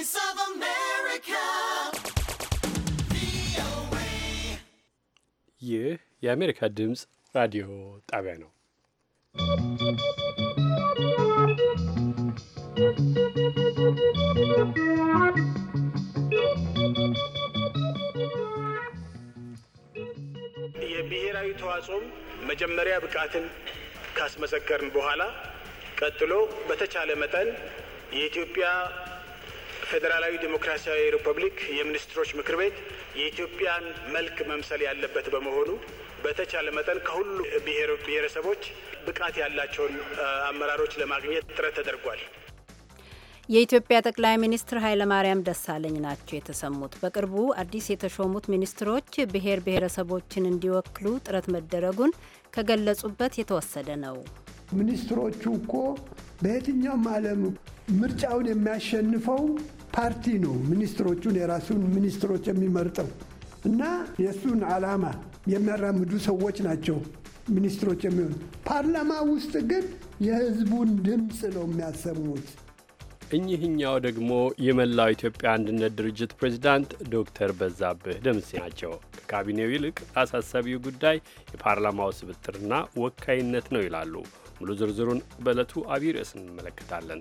Voice of America. ይህ የአሜሪካ ድምፅ ራዲዮ ጣቢያ ነው። የብሔራዊ ተዋጽኦም መጀመሪያ ብቃትን ካስመሰከርን በኋላ ቀጥሎ በተቻለ መጠን የኢትዮጵያ ፌዴራላዊ ዴሞክራሲያዊ ሪፐብሊክ የሚኒስትሮች ምክር ቤት የኢትዮጵያን መልክ መምሰል ያለበት በመሆኑ በተቻለ መጠን ከሁሉ ብሔር ብሔረሰቦች ብቃት ያላቸውን አመራሮች ለማግኘት ጥረት ተደርጓል። የኢትዮጵያ ጠቅላይ ሚኒስትር ማርያም ደሳለኝ ናቸው የተሰሙት። በቅርቡ አዲስ የተሾሙት ሚኒስትሮች ብሔር ብሔረሰቦችን እንዲወክሉ ጥረት መደረጉን ከገለጹበት የተወሰደ ነው። ሚኒስትሮቹ እኮ በየትኛውም ዓለም ምርጫውን የሚያሸንፈው ፓርቲ ነው ሚኒስትሮቹን የራሱን ሚኒስትሮች የሚመርጠው እና የእሱን ዓላማ የሚያራምዱ ሰዎች ናቸው ሚኒስትሮች የሚሆኑ። ፓርላማ ውስጥ ግን የህዝቡን ድምፅ ነው የሚያሰሙት። እኚህኛው ደግሞ የመላው ኢትዮጵያ አንድነት ድርጅት ፕሬዚዳንት ዶክተር በዛብህ ደምሴ ናቸው። ከካቢኔው ይልቅ አሳሳቢው ጉዳይ የፓርላማው ስብጥርና ወካይነት ነው ይላሉ። ሙሉ ዝርዝሩን በዕለቱ አብይ ርዕስ እንመለከታለን።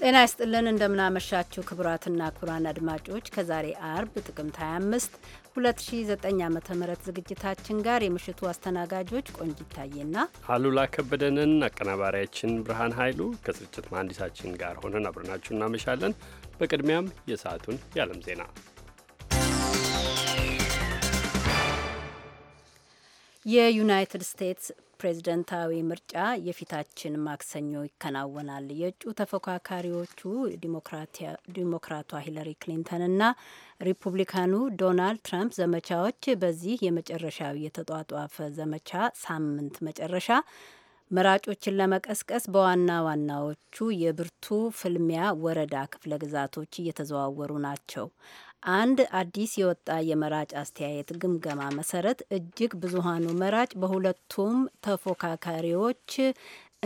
ጤና ይስጥልን እንደምናመሻችሁ ክቡራትና ክቡራን አድማጮች ከዛሬ አርብ ጥቅምት 25 2009 ዓ ም ዝግጅታችን ጋር የምሽቱ አስተናጋጆች ቆንጅ ይታየና አሉላ ከበደንን አቀናባሪያችን ብርሃን ኃይሉ ከስርጭት መሐንዲሳችን ጋር ሆነን አብረናችሁ እናመሻለን። በቅድሚያም የሰዓቱን የዓለም ዜና የዩናይትድ ስቴትስ ፕሬዝደንታዊ ምርጫ የፊታችን ማክሰኞ ይከናወናል። የእጩ ተፎካካሪዎቹ ዲሞክራቷ ሂለሪ ክሊንተንና ሪፑብሊካኑ ዶናልድ ትራምፕ ዘመቻዎች በዚህ የመጨረሻው የተጧጧፈ ዘመቻ ሳምንት መጨረሻ መራጮችን ለመቀስቀስ በዋና ዋናዎቹ የብርቱ ፍልሚያ ወረዳ ክፍለ ግዛቶች እየተዘዋወሩ ናቸው። አንድ አዲስ የወጣ የመራጭ አስተያየት ግምገማ መሰረት እጅግ ብዙሃኑ መራጭ በሁለቱም ተፎካካሪዎች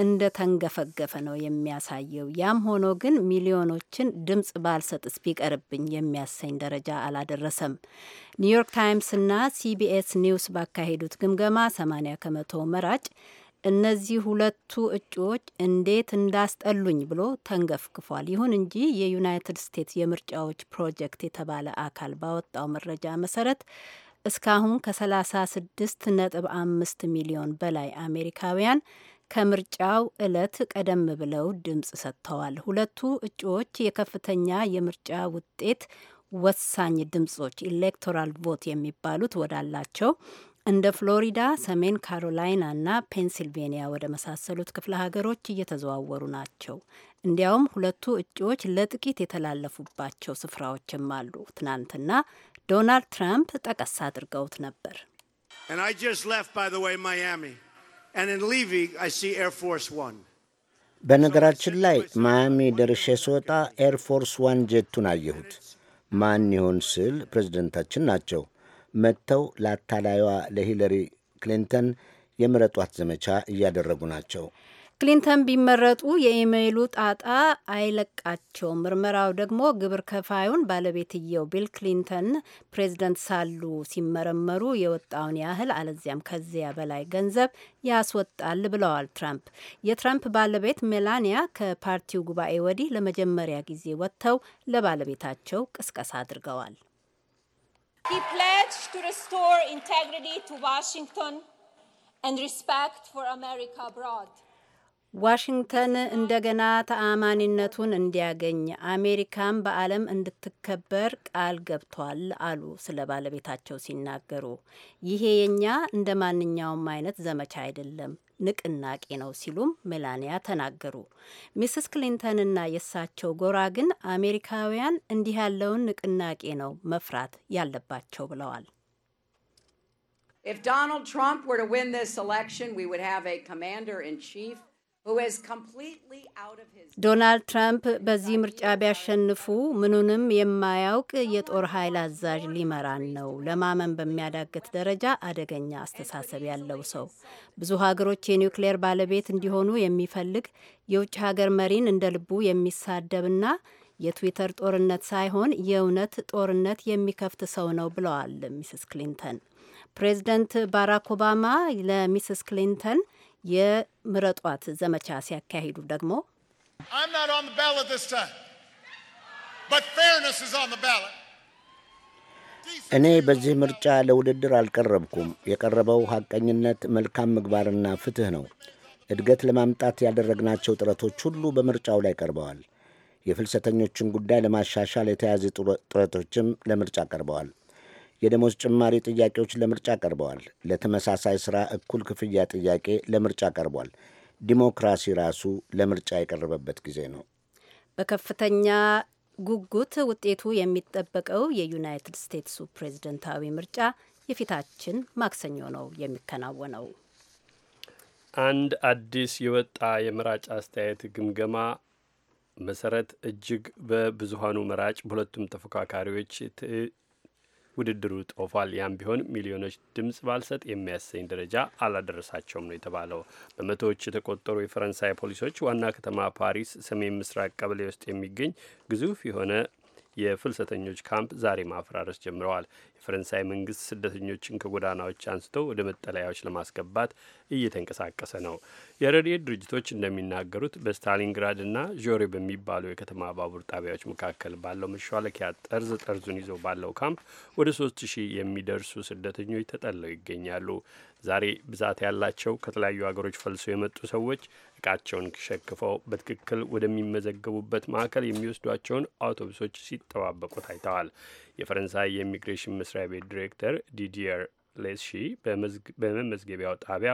እንደተንገፈገፈ ነው የሚያሳየው። ያም ሆኖ ግን ሚሊዮኖችን ድምጽ ባልሰጥስ ቢቀርብኝ የሚያሰኝ ደረጃ አላደረሰም። ኒውዮርክ ታይምስና ሲቢኤስ ኒውስ ባካሄዱት ግምገማ 80 ከመቶ መራጭ እነዚህ ሁለቱ እጩዎች እንዴት እንዳስጠሉኝ ብሎ ተንገፍግፏል። ይሁን እንጂ የዩናይትድ ስቴትስ የምርጫዎች ፕሮጀክት የተባለ አካል ባወጣው መረጃ መሰረት እስካሁን ከ36 ነጥብ አምስት ሚሊዮን በላይ አሜሪካውያን ከምርጫው ዕለት ቀደም ብለው ድምፅ ሰጥተዋል። ሁለቱ እጩዎች የከፍተኛ የምርጫ ውጤት ወሳኝ ድምጾች ኢሌክቶራል ቮት የሚባሉት ወዳላቸው እንደ ፍሎሪዳ፣ ሰሜን ካሮላይናና ፔንሲልቬንያ ወደ መሳሰሉት ክፍለ ሀገሮች እየተዘዋወሩ ናቸው። እንዲያውም ሁለቱ እጩዎች ለጥቂት የተላለፉባቸው ስፍራዎችም አሉ። ትናንትና ዶናልድ ትራምፕ ጠቀስ አድርገውት ነበር። በነገራችን ላይ ማያሚ ደርሼ ስወጣ ኤርፎርስ ዋን ጄቱን አየሁት። ማን ይሆን ስል ፕሬዚደንታችን ናቸው መጥተው ለአታላይዋ ለሂለሪ ክሊንተን የምረጧት ዘመቻ እያደረጉ ናቸው። ክሊንተን ቢመረጡ የኢሜይሉ ጣጣ አይለቃቸው። ምርመራው ደግሞ ግብር ከፋዩን ባለቤትየው ቢል ክሊንተን ፕሬዝደንት ሳሉ ሲመረመሩ የወጣውን ያህል አለዚያም ከዚያ በላይ ገንዘብ ያስወጣል ብለዋል ትራምፕ። የትራምፕ ባለቤት ሜላኒያ ከፓርቲው ጉባኤ ወዲህ ለመጀመሪያ ጊዜ ወጥተው ለባለቤታቸው ቅስቀሳ አድርገዋል። He pledged to restore integrity to Washington and respect for America abroad. ዋሽንግተን እንደገና ተአማኒነቱን እንዲያገኝ አሜሪካም በዓለም እንድትከበር ቃል ገብቷል አሉ ስለ ባለቤታቸው ሲናገሩ። ይሄ የኛ እንደ ማንኛውም አይነት ዘመቻ አይደለም ንቅናቄ ነው ሲሉም ሜላንያ ተናገሩ። ሚስስ ክሊንተንና የእሳቸው ጎራ ግን አሜሪካውያን እንዲህ ያለውን ንቅናቄ ነው መፍራት ያለባቸው ብለዋል። ዶናልድ ትራምፕ ወር ዊን ስ win ዊ ውድ we would have a ዶናልድ ትራምፕ በዚህ ምርጫ ቢያሸንፉ ምኑንም የማያውቅ የጦር ኃይል አዛዥ ሊመራን ነው። ለማመን በሚያዳግት ደረጃ አደገኛ አስተሳሰብ ያለው ሰው፣ ብዙ ሀገሮች የኒውክሌር ባለቤት እንዲሆኑ የሚፈልግ የውጭ ሀገር መሪን እንደ ልቡ የሚሳደብና የትዊተር ጦርነት ሳይሆን የእውነት ጦርነት የሚከፍት ሰው ነው ብለዋል ሚስስ ክሊንተን። ፕሬዚደንት ባራክ ኦባማ ለሚስስ ክሊንተን የምረጧት ዘመቻ ሲያካሂዱ ደግሞ እኔ በዚህ ምርጫ ለውድድር አልቀረብኩም። የቀረበው ሐቀኝነት፣ መልካም ምግባርና ፍትሕ ነው። እድገት ለማምጣት ያደረግናቸው ጥረቶች ሁሉ በምርጫው ላይ ቀርበዋል። የፍልሰተኞችን ጉዳይ ለማሻሻል የተያዙ ጥረቶችም ለምርጫ ቀርበዋል። የደሞዝ ጭማሪ ጥያቄዎች ለምርጫ ቀርበዋል። ለተመሳሳይ ሥራ እኩል ክፍያ ጥያቄ ለምርጫ ቀርቧል። ዲሞክራሲ ራሱ ለምርጫ የቀረበበት ጊዜ ነው። በከፍተኛ ጉጉት ውጤቱ የሚጠበቀው የዩናይትድ ስቴትሱ ፕሬዝደንታዊ ምርጫ የፊታችን ማክሰኞ ነው የሚከናወነው። አንድ አዲስ የወጣ የመራጭ አስተያየት ግምገማ መሰረት እጅግ በብዙሀኑ መራጭ በሁለቱም ተፎካካሪዎች ውድድሩ ጦፏል። ያም ቢሆን ሚሊዮኖች ድምፅ ባልሰጥ የሚያሰኝ ደረጃ አላደረሳቸውም ነው የተባለው። በመቶዎች የተቆጠሩ የፈረንሳይ ፖሊሶች ዋና ከተማ ፓሪስ ሰሜን ምስራቅ ቀበሌ ውስጥ የሚገኝ ግዙፍ የሆነ የፍልሰተኞች ካምፕ ዛሬ ማፈራረስ ጀምረዋል። የፈረንሳይ መንግስት ስደተኞችን ከጎዳናዎች አንስተው ወደ መጠለያዎች ለማስገባት እየተንቀሳቀሰ ነው። የረድኤት ድርጅቶች እንደሚናገሩት በስታሊንግራድ እና ዦሬ በሚባሉ የከተማ ባቡር ጣቢያዎች መካከል ባለው መሿለኪያ ጠርዝ ጠርዙን ይዞ ባለው ካምፕ ወደ ሶስት ሺህ የሚደርሱ ስደተኞች ተጠለው ይገኛሉ። ዛሬ ብዛት ያላቸው ከተለያዩ ሀገሮች ፈልሶ የመጡ ሰዎች እቃቸውን ሸክፈው በትክክል ወደሚመዘገቡበት ማዕከል የሚወስዷቸውን አውቶቡሶች ሲጠባበቁ ታይተዋል። የፈረንሳይ የኢሚግሬሽን መስሪያ ቤት ዲሬክተር ዲዲየር ሌስሺ በመመዝገቢያው ጣቢያ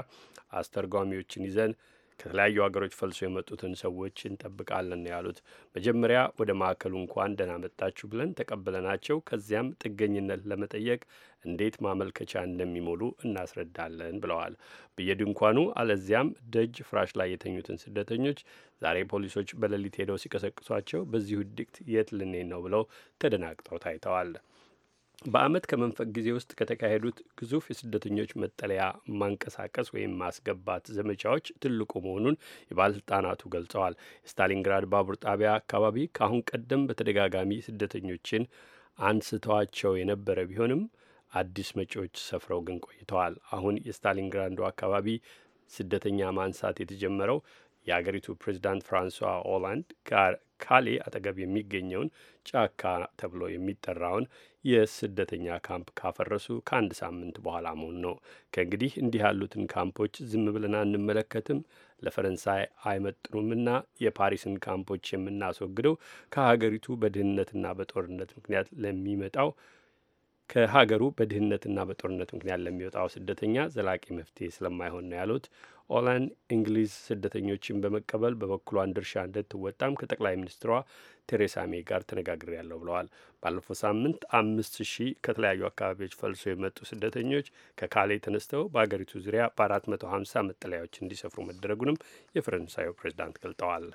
አስተርጓሚዎችን ይዘን ከተለያዩ ሀገሮች ፈልሶ የመጡትን ሰዎች እንጠብቃለን ያሉት። መጀመሪያ ወደ ማዕከሉ እንኳን ደህና መጣችሁ ብለን ተቀብለናቸው ከዚያም ጥገኝነት ለመጠየቅ እንዴት ማመልከቻ እንደሚሞሉ እናስረዳለን ብለዋል። በየድንኳኑ አለዚያም ደጅ ፍራሽ ላይ የተኙትን ስደተኞች ዛሬ ፖሊሶች በሌሊት ሄደው ሲቀሰቅሷቸው በዚሁ ድቅት የት ልንሄድ ነው ብለው ተደናግጠው ታይተዋል። በአመት ከመንፈቅ ጊዜ ውስጥ ከተካሄዱት ግዙፍ የስደተኞች መጠለያ ማንቀሳቀስ ወይም ማስገባት ዘመቻዎች ትልቁ መሆኑን የባለስልጣናቱ ገልጸዋል። የስታሊንግራድ ባቡር ጣቢያ አካባቢ ከአሁን ቀደም በተደጋጋሚ ስደተኞችን አንስተዋቸው የነበረ ቢሆንም አዲስ መጪዎች ሰፍረው ግን ቆይተዋል። አሁን የስታሊንግራንዱ አካባቢ ስደተኛ ማንሳት የተጀመረው የአገሪቱ ፕሬዚዳንት ፍራንሷ ኦላንድ ካሌ አጠገብ የሚገኘውን ጫካ ተብሎ የሚጠራውን የስደተኛ ካምፕ ካፈረሱ ከአንድ ሳምንት በኋላ መሆኑ ነው። ከእንግዲህ እንዲህ ያሉትን ካምፖች ዝም ብለን አንመለከትም፣ ለፈረንሳይ አይመጥኑምና የፓሪስን ካምፖች የምናስወግደው ከሀገሪቱ በድህነትና በጦርነት ምክንያት ለሚመጣው ከሀገሩ በድህነትና በጦርነት ምክንያት ለሚወጣው ስደተኛ ዘላቂ መፍትሄ ስለማይሆን ነው ያሉት። ኦላንድ እንግሊዝ ስደተኞችን በመቀበል በበኩሏን ድርሻ እንድትወጣም ከጠቅላይ ሚኒስትሯ ቴሬሳ ሜይ ጋር ተነጋግሬያለሁ ብለዋል። ባለፈው ሳምንት አምስት ሺህ ከተለያዩ አካባቢዎች ፈልሶ የመጡ ስደተኞች ከካሌ ተነስተው በሀገሪቱ ዙሪያ በአራት መቶ ሀምሳ መጠለያዎች እንዲሰፍሩ መደረጉንም የፈረንሳዩ ፕሬዚዳንት ገልጠዋል።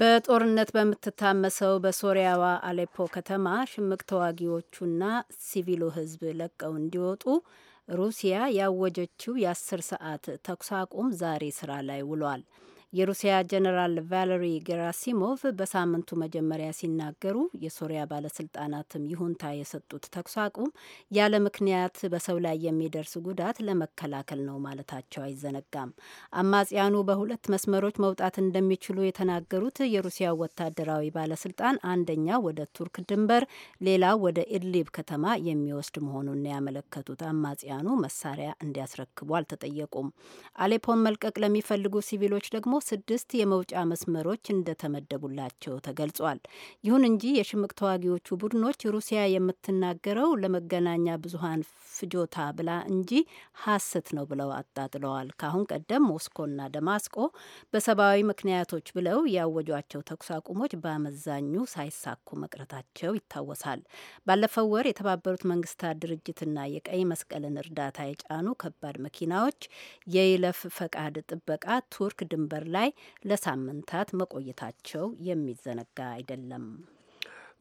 በጦርነት በምትታመሰው በሶሪያዋ አሌፖ ከተማ ሽምቅ ተዋጊዎቹና ሲቪሉ ሕዝብ ለቀው እንዲወጡ ሩሲያ ያወጀችው የአስር ሰዓት ተኩስ አቁም ዛሬ ስራ ላይ ውሏል። የሩሲያ ጀኔራል ቫለሪ ጌራሲሞቭ በሳምንቱ መጀመሪያ ሲናገሩ የሶሪያ ባለስልጣናትም ይሁንታ የሰጡት ተኩስ አቁም ያለ ምክንያት በሰው ላይ የሚደርስ ጉዳት ለመከላከል ነው ማለታቸው አይዘነጋም። አማጽያኑ በሁለት መስመሮች መውጣት እንደሚችሉ የተናገሩት የሩሲያ ወታደራዊ ባለስልጣን አንደኛው ወደ ቱርክ ድንበር፣ ሌላው ወደ ኢድሊብ ከተማ የሚወስድ መሆኑን ያመለከቱት አማጽያኑ መሳሪያ እንዲያስረክቡ አልተጠየቁም። አሌፖን መልቀቅ ለሚፈልጉ ሲቪሎች ደግሞ ስድስት የመውጫ መስመሮች እንደተመደቡላቸው ተገልጿል። ይሁን እንጂ የሽምቅ ተዋጊዎቹ ቡድኖች ሩሲያ የምትናገረው ለመገናኛ ብዙሃን ፍጆታ ብላ እንጂ ሐሰት ነው ብለው አጣጥለዋል። ከአሁን ቀደም ሞስኮና ደማስቆ በሰብአዊ ምክንያቶች ብለው ያወጇቸው ተኩስ አቁሞች በአመዛኙ ሳይሳኩ መቅረታቸው ይታወሳል። ባለፈው ወር የተባበሩት መንግስታት ድርጅትና የቀይ መስቀልን እርዳታ የጫኑ ከባድ መኪናዎች የይለፍ ፈቃድ ጥበቃ ቱርክ ድንበር ላይ ለሳምንታት መቆየታቸው የሚዘነጋ አይደለም።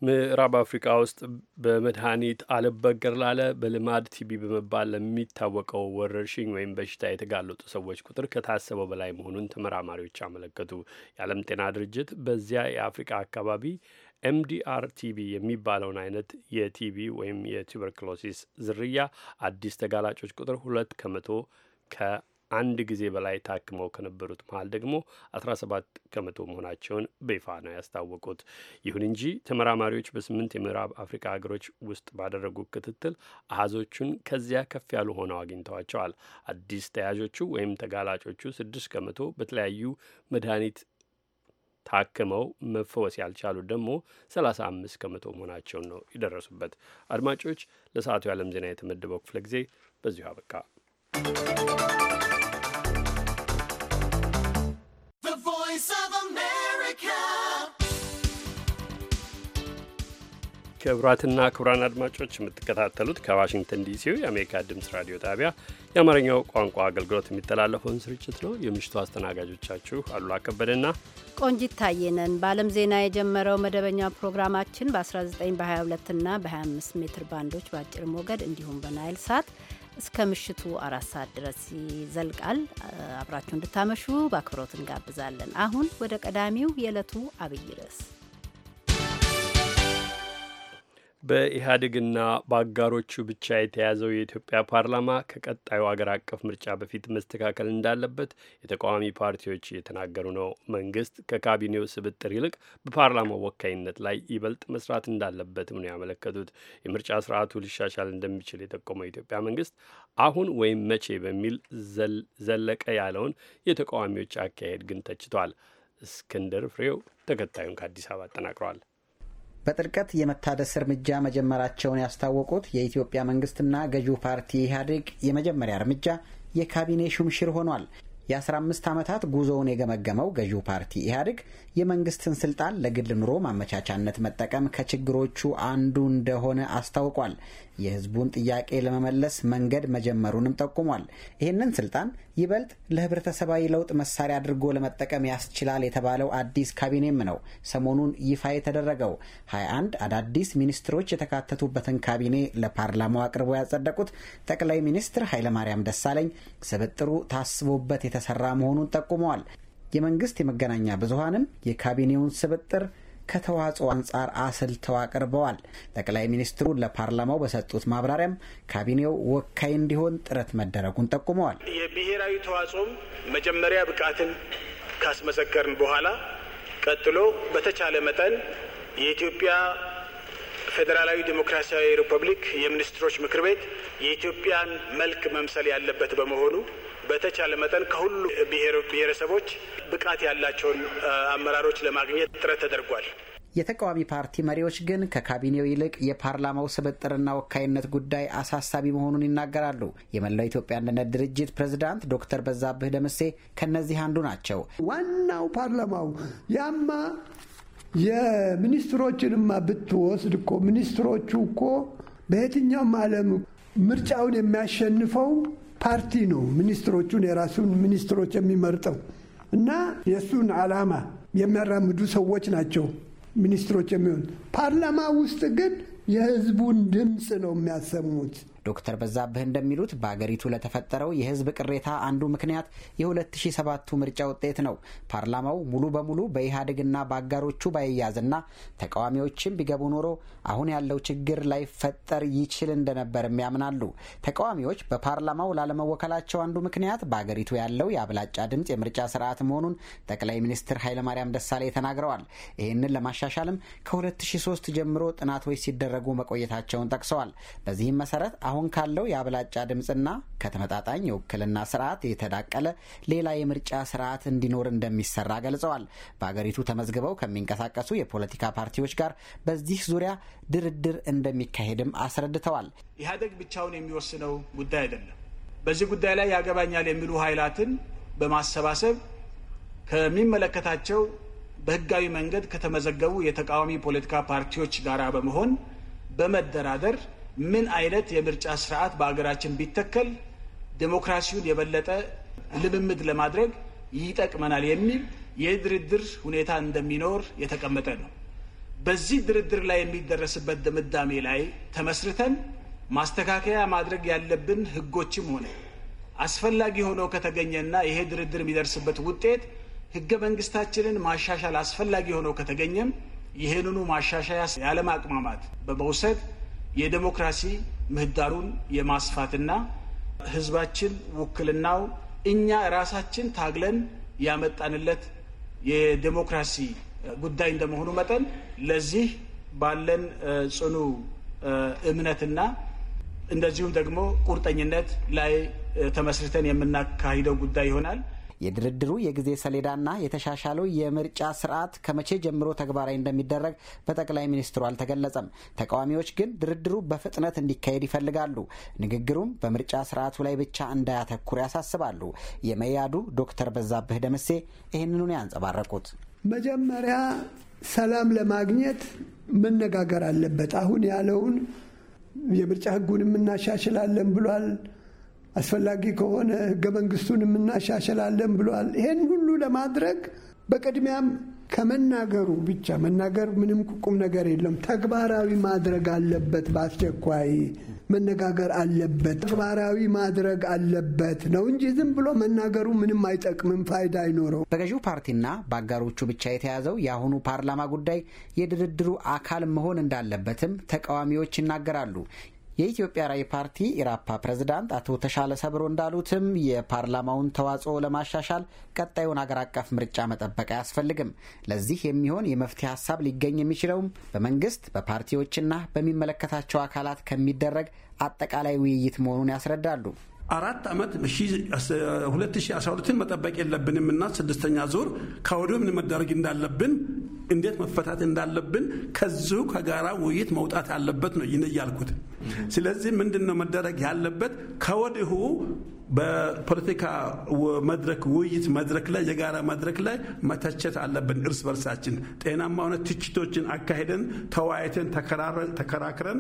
ምዕራብ አፍሪካ ውስጥ በመድኃኒት አልበገር ላለ በልማድ ቲቢ በመባል ለሚታወቀው ወረርሽኝ ወይም በሽታ የተጋለጡ ሰዎች ቁጥር ከታሰበው በላይ መሆኑን ተመራማሪዎች አመለከቱ። የዓለም ጤና ድርጅት በዚያ የአፍሪካ አካባቢ ኤምዲአር ቲቪ የሚባለውን አይነት የቲቪ ወይም የቱበርክሎሲስ ዝርያ አዲስ ተጋላጮች ቁጥር ሁለት ከመቶ ከ አንድ ጊዜ በላይ ታክመው ከነበሩት መሀል ደግሞ 17 ከመቶ መሆናቸውን በይፋ ነው ያስታወቁት። ይሁን እንጂ ተመራማሪዎች በስምንት የምዕራብ አፍሪካ ሀገሮች ውስጥ ባደረጉት ክትትል አሃዞቹን ከዚያ ከፍ ያሉ ሆነው አግኝተዋቸዋል። አዲስ ተያዦቹ ወይም ተጋላጮቹ ስድስት ከመቶ በተለያዩ መድኃኒት ታክመው መፈወስ ያልቻሉ ደግሞ 35 ከመቶ መሆናቸውን ነው የደረሱበት። አድማጮች፣ ለሰዓቱ የዓለም ዜና የተመደበው ክፍለ ጊዜ በዚሁ አበቃ። ክቡራትና ክቡራን አድማጮች የምትከታተሉት ከዋሽንግተን ዲሲ የአሜሪካ ድምፅ ራዲዮ ጣቢያ የአማርኛው ቋንቋ አገልግሎት የሚተላለፈውን ስርጭት ነው። የምሽቱ አስተናጋጆቻችሁ አሉላ ከበደና ቆንጂት ታየነን። በዓለም ዜና የጀመረው መደበኛ ፕሮግራማችን በ19 በ22 እና በ25 ሜትር ባንዶች በአጭር ሞገድ እንዲሁም በናይል ሳት እስከ ምሽቱ አራት ሰዓት ድረስ ይዘልቃል። አብራችሁ እንድታመሹ በአክብሮት እንጋብዛለን። አሁን ወደ ቀዳሚው የዕለቱ አብይ ርዕስ በኢህአዴግና በአጋሮቹ ብቻ የተያዘው የኢትዮጵያ ፓርላማ ከቀጣዩ አገር አቀፍ ምርጫ በፊት መስተካከል እንዳለበት የተቃዋሚ ፓርቲዎች እየተናገሩ ነው። መንግስት ከካቢኔው ስብጥር ይልቅ በፓርላማው ወካይነት ላይ ይበልጥ መስራት እንዳለበትም ነው ያመለከቱት። የምርጫ ስርዓቱ ሊሻሻል እንደሚችል የጠቆመው የኢትዮጵያ መንግስት አሁን ወይም መቼ በሚል ዘለቀ ያለውን የተቃዋሚዎች አካሄድ ግን ተችቷል። እስክንድር ፍሬው ተከታዩን ከአዲስ አበባ አጠናቅሯል። በጥልቀት የመታደስ እርምጃ መጀመራቸውን ያስታወቁት የኢትዮጵያ መንግስትና ገዢው ፓርቲ ኢህአዴግ የመጀመሪያ እርምጃ የካቢኔ ሹምሽር ሆኗል። የ15 ዓመታት ጉዞውን የገመገመው ገዢው ፓርቲ ኢህአዴግ የመንግስትን ስልጣን ለግል ኑሮ ማመቻቻነት መጠቀም ከችግሮቹ አንዱ እንደሆነ አስታውቋል። የህዝቡን ጥያቄ ለመመለስ መንገድ መጀመሩንም ጠቁሟል። ይህንን ስልጣን ይበልጥ ለህብረተሰባዊ ለውጥ መሳሪያ አድርጎ ለመጠቀም ያስችላል የተባለው አዲስ ካቢኔም ነው ሰሞኑን ይፋ የተደረገው። 21 አዳዲስ ሚኒስትሮች የተካተቱበትን ካቢኔ ለፓርላማው አቅርቦ ያጸደቁት ጠቅላይ ሚኒስትር ኃይለማርያም ደሳለኝ ስብጥሩ ታስቦበት የተሰራ መሆኑን ጠቁመዋል። የመንግስት የመገናኛ ብዙሀንም የካቢኔውን ስብጥር ከተዋጽኦ አንጻር አስልተው አቅርበዋል። ጠቅላይ ሚኒስትሩ ለፓርላማው በሰጡት ማብራሪያም ካቢኔው ወካይ እንዲሆን ጥረት መደረጉን ጠቁመዋል። የብሔራዊ ተዋጽኦም መጀመሪያ ብቃትን ካስመሰከርን በኋላ ቀጥሎ በተቻለ መጠን የኢትዮጵያ ፌዴራላዊ ዴሞክራሲያዊ ሪፐብሊክ የሚኒስትሮች ምክር ቤት የኢትዮጵያን መልክ መምሰል ያለበት በመሆኑ በተቻለ መጠን ከሁሉ ብሔረሰቦች ብቃት ያላቸውን አመራሮች ለማግኘት ጥረት ተደርጓል። የተቃዋሚ ፓርቲ መሪዎች ግን ከካቢኔው ይልቅ የፓርላማው ስብጥርና ወካይነት ጉዳይ አሳሳቢ መሆኑን ይናገራሉ። የመላው ኢትዮጵያ አንድነት ድርጅት ፕሬዝዳንት ዶክተር በዛብህ ደምሴ ከእነዚህ አንዱ ናቸው። ዋናው ፓርላማው ያማ የሚኒስትሮችንማ ብትወስድ እኮ ሚኒስትሮቹ እኮ በየትኛውም ዓለም ምርጫውን የሚያሸንፈው ፓርቲ ነው ሚኒስትሮቹን የራሱን ሚኒስትሮች የሚመርጠው እና የእሱን ዓላማ የሚያራምዱ ሰዎች ናቸው ሚኒስትሮች የሚሆኑ። ፓርላማ ውስጥ ግን የህዝቡን ድምፅ ነው የሚያሰሙት። ዶክተር በዛብህ እንደሚሉት በአገሪቱ ለተፈጠረው የህዝብ ቅሬታ አንዱ ምክንያት የ2007ቱ ምርጫ ውጤት ነው። ፓርላማው ሙሉ በሙሉ በኢህአዴግና በአጋሮቹ ባይያዝና ተቃዋሚዎችም ቢገቡ ኖሮ አሁን ያለው ችግር ላይፈጠር ይችል እንደነበርም ያምናሉ። ተቃዋሚዎች በፓርላማው ላለመወከላቸው አንዱ ምክንያት በአገሪቱ ያለው የአብላጫ ድምፅ የምርጫ ስርዓት መሆኑን ጠቅላይ ሚኒስትር ኃይለማርያም ደሳሌ ተናግረዋል። ይህንን ለማሻሻልም ከ2003 ጀምሮ ጥናቶች ሲደረጉ መቆየታቸውን ጠቅሰዋል። በዚህም መሰረት አሁን አሁን ካለው የአብላጫ ድምፅና ከተመጣጣኝ የውክልና ስርዓት የተዳቀለ ሌላ የምርጫ ስርዓት እንዲኖር እንደሚሰራ ገልጸዋል። በአገሪቱ ተመዝግበው ከሚንቀሳቀሱ የፖለቲካ ፓርቲዎች ጋር በዚህ ዙሪያ ድርድር እንደሚካሄድም አስረድተዋል። ኢህአዴግ ብቻውን የሚወስነው ጉዳይ አይደለም። በዚህ ጉዳይ ላይ ያገባኛል የሚሉ ኃይላትን በማሰባሰብ ከሚመለከታቸው በህጋዊ መንገድ ከተመዘገቡ የተቃዋሚ ፖለቲካ ፓርቲዎች ጋር በመሆን በመደራደር ምን አይነት የምርጫ ስርዓት በሀገራችን ቢተከል ዴሞክራሲውን የበለጠ ልምምድ ለማድረግ ይጠቅመናል የሚል የድርድር ሁኔታ እንደሚኖር የተቀመጠ ነው። በዚህ ድርድር ላይ የሚደረስበት ድምዳሜ ላይ ተመስርተን ማስተካከያ ማድረግ ያለብን ህጎችም ሆነ አስፈላጊ ሆኖ ከተገኘና ይሄ ድርድር የሚደርስበት ውጤት ህገ መንግስታችንን ማሻሻል አስፈላጊ ሆኖ ከተገኘም ይህንኑ ማሻሻያ ያለማቅማማት በመውሰድ የዴሞክራሲ ምህዳሩን የማስፋትና ህዝባችን ውክልናው እኛ ራሳችን ታግለን ያመጣንለት የዴሞክራሲ ጉዳይ እንደመሆኑ መጠን ለዚህ ባለን ጽኑ እምነትና እንደዚሁም ደግሞ ቁርጠኝነት ላይ ተመስርተን የምናካሂደው ጉዳይ ይሆናል። የድርድሩ የጊዜ ሰሌዳና የተሻሻለው የምርጫ ስርዓት ከመቼ ጀምሮ ተግባራዊ እንደሚደረግ በጠቅላይ ሚኒስትሩ አልተገለጸም። ተቃዋሚዎች ግን ድርድሩ በፍጥነት እንዲካሄድ ይፈልጋሉ። ንግግሩም በምርጫ ስርዓቱ ላይ ብቻ እንዳያተኩር ያሳስባሉ። የመያዱ ዶክተር በዛብህ ደምሴ ይህንኑን ያንጸባረቁት መጀመሪያ ሰላም ለማግኘት መነጋገር አለበት። አሁን ያለውን የምርጫ ህጉንም እናሻሽላለን ብሏል። አስፈላጊ ከሆነ ህገ መንግስቱን የምናሻሽላለን ብለዋል። ይሄን ሁሉ ለማድረግ በቅድሚያም ከመናገሩ ብቻ መናገር ምንም ቁም ነገር የለም። ተግባራዊ ማድረግ አለበት። በአስቸኳይ መነጋገር አለበት፣ ተግባራዊ ማድረግ አለበት ነው እንጂ ዝም ብሎ መናገሩ ምንም አይጠቅምም፣ ፋይዳ አይኖረው። በገዢው ፓርቲና በአጋሮቹ ብቻ የተያዘው የአሁኑ ፓርላማ ጉዳይ የድርድሩ አካል መሆን እንዳለበትም ተቃዋሚዎች ይናገራሉ። የኢትዮጵያ ራዕይ ፓርቲ ኢራፓ ፕሬዝዳንት አቶ ተሻለ ሰብሮ እንዳሉትም የፓርላማውን ተዋጽኦ ለማሻሻል ቀጣዩን አገር አቀፍ ምርጫ መጠበቅ አያስፈልግም። ለዚህ የሚሆን የመፍትሄ ሀሳብ ሊገኝ የሚችለውም በመንግስት በፓርቲዎችና በሚመለከታቸው አካላት ከሚደረግ አጠቃላይ ውይይት መሆኑን ያስረዳሉ። አራት ዓመት 2012ን መጠበቅ የለብንም እና ስድስተኛ ዙር ከወዲሁ ምን መደረግ እንዳለብን እንዴት መፈታት እንዳለብን ከዚሁ ከጋራ ውይይት መውጣት ያለበት ነው ይህን እያልኩት። ስለዚህ ምንድን ነው መደረግ ያለበት ከወዲሁ በፖለቲካ መድረክ ውይይት መድረክ ላይ የጋራ መድረክ ላይ መተቸት አለብን። እርስ በርሳችን ጤናማ ሆነ ትችቶችን አካሄደን ተወያይተን ተከራክረን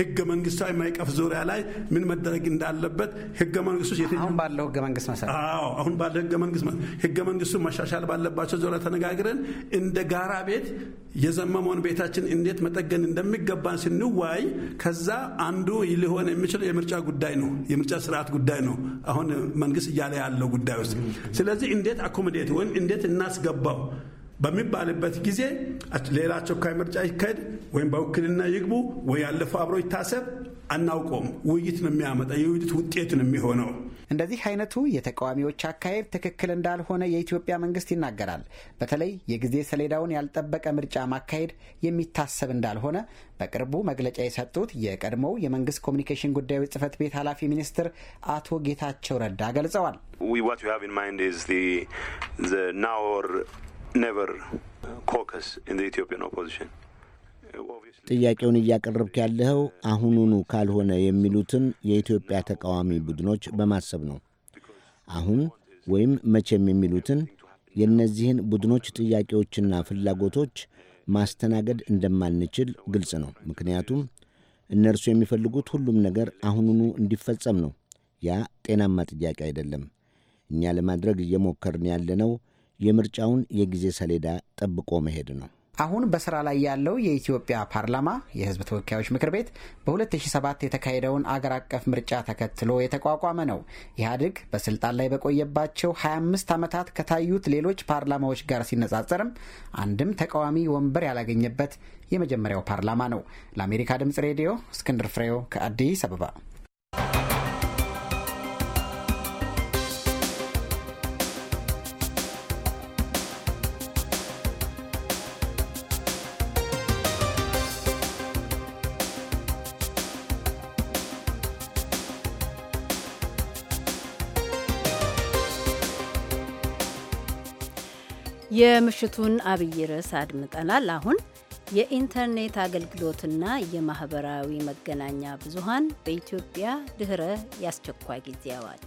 ህገ መንግስታዊ ማዕቀፍ ዙሪያ ላይ ምን መደረግ እንዳለበት ህገ መንግስቱ አሁን ባለው ህገ መንግስት መሰረት አሁን ባለው ህገ መንግስት ህገ መንግስቱ መሻሻል ባለባቸው ዙሪያ ተነጋግረን እንደ ጋራ ቤት የዘመመውን ቤታችን እንዴት መጠገን እንደሚገባን ስንዋይ ከዛ አንዱ ሊሆን የሚችለው የምርጫ ጉዳይ ነው፣ የምርጫ ስርዓት ጉዳይ ነው። አሁን መንግስት እያለ ያለው ጉዳይ ውስጥ። ስለዚህ እንዴት አኮሞዴት ወይም እንዴት እናስገባው በሚባልበት ጊዜ ሌላ አስቸኳይ ምርጫ ይከድ ወይም በውክልና ይግቡ ወይ ያለፈው አብሮ ይታሰብ አናውቀውም። ውይይት ነው የሚያመጣ የውይይት ውጤት ነው የሚሆነው። እንደዚህ አይነቱ የተቃዋሚዎች አካሄድ ትክክል እንዳልሆነ የኢትዮጵያ መንግስት ይናገራል። በተለይ የጊዜ ሰሌዳውን ያልጠበቀ ምርጫ ማካሄድ የሚታሰብ እንዳልሆነ በቅርቡ መግለጫ የሰጡት የቀድሞው የመንግስት ኮሚኒኬሽን ጉዳዮች ጽህፈት ቤት ኃላፊ ሚኒስትር አቶ ጌታቸው ረዳ ገልጸዋል። ኔቨር ኮከስ ኢን ኢትዮጵያን ኦፖዚሽን ጥያቄውን እያቀረብክ ያለኸው አሁኑኑ ካልሆነ የሚሉትን የኢትዮጵያ ተቃዋሚ ቡድኖች በማሰብ ነው። አሁን ወይም መቼም የሚሉትን የእነዚህን ቡድኖች ጥያቄዎችና ፍላጎቶች ማስተናገድ እንደማንችል ግልጽ ነው። ምክንያቱም እነርሱ የሚፈልጉት ሁሉም ነገር አሁኑኑ እንዲፈጸም ነው። ያ ጤናማ ጥያቄ አይደለም። እኛ ለማድረግ እየሞከርን ያለነው የምርጫውን የጊዜ ሰሌዳ ጠብቆ መሄድ ነው። አሁን በስራ ላይ ያለው የኢትዮጵያ ፓርላማ የህዝብ ተወካዮች ምክር ቤት በ2007 የተካሄደውን አገር አቀፍ ምርጫ ተከትሎ የተቋቋመ ነው። ኢህአዴግ በስልጣን ላይ በቆየባቸው 25 ዓመታት ከታዩት ሌሎች ፓርላማዎች ጋር ሲነጻጸርም አንድም ተቃዋሚ ወንበር ያላገኘበት የመጀመሪያው ፓርላማ ነው። ለአሜሪካ ድምፅ ሬዲዮ እስክንድር ፍሬው ከአዲስ አበባ የምሽቱን አብይ ርዕስ አድምጠናል። አሁን የኢንተርኔት አገልግሎትና የማህበራዊ መገናኛ ብዙሃን በኢትዮጵያ ድህረ የአስቸኳይ ጊዜ አዋጅ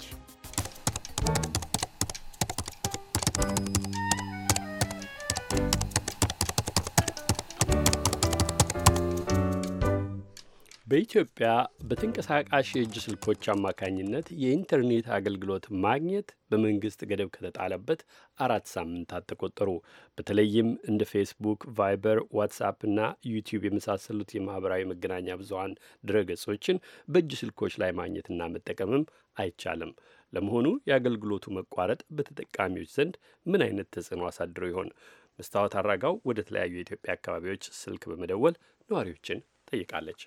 በኢትዮጵያ በተንቀሳቃሽ የእጅ ስልኮች አማካኝነት የኢንተርኔት አገልግሎት ማግኘት በመንግሥት ገደብ ከተጣለበት አራት ሳምንታት ተቆጠሩ። በተለይም እንደ ፌስቡክ፣ ቫይበር፣ ዋትሳፕ እና ዩቲዩብ የመሳሰሉት የማኅበራዊ መገናኛ ብዙሀን ድረገጾችን በእጅ ስልኮች ላይ ማግኘትና መጠቀምም አይቻልም። ለመሆኑ የአገልግሎቱ መቋረጥ በተጠቃሚዎች ዘንድ ምን አይነት ተጽዕኖ አሳድሮ ይሆን? መስታወት አራጋው ወደ ተለያዩ የኢትዮጵያ አካባቢዎች ስልክ በመደወል ነዋሪዎችን ጠይቃለች።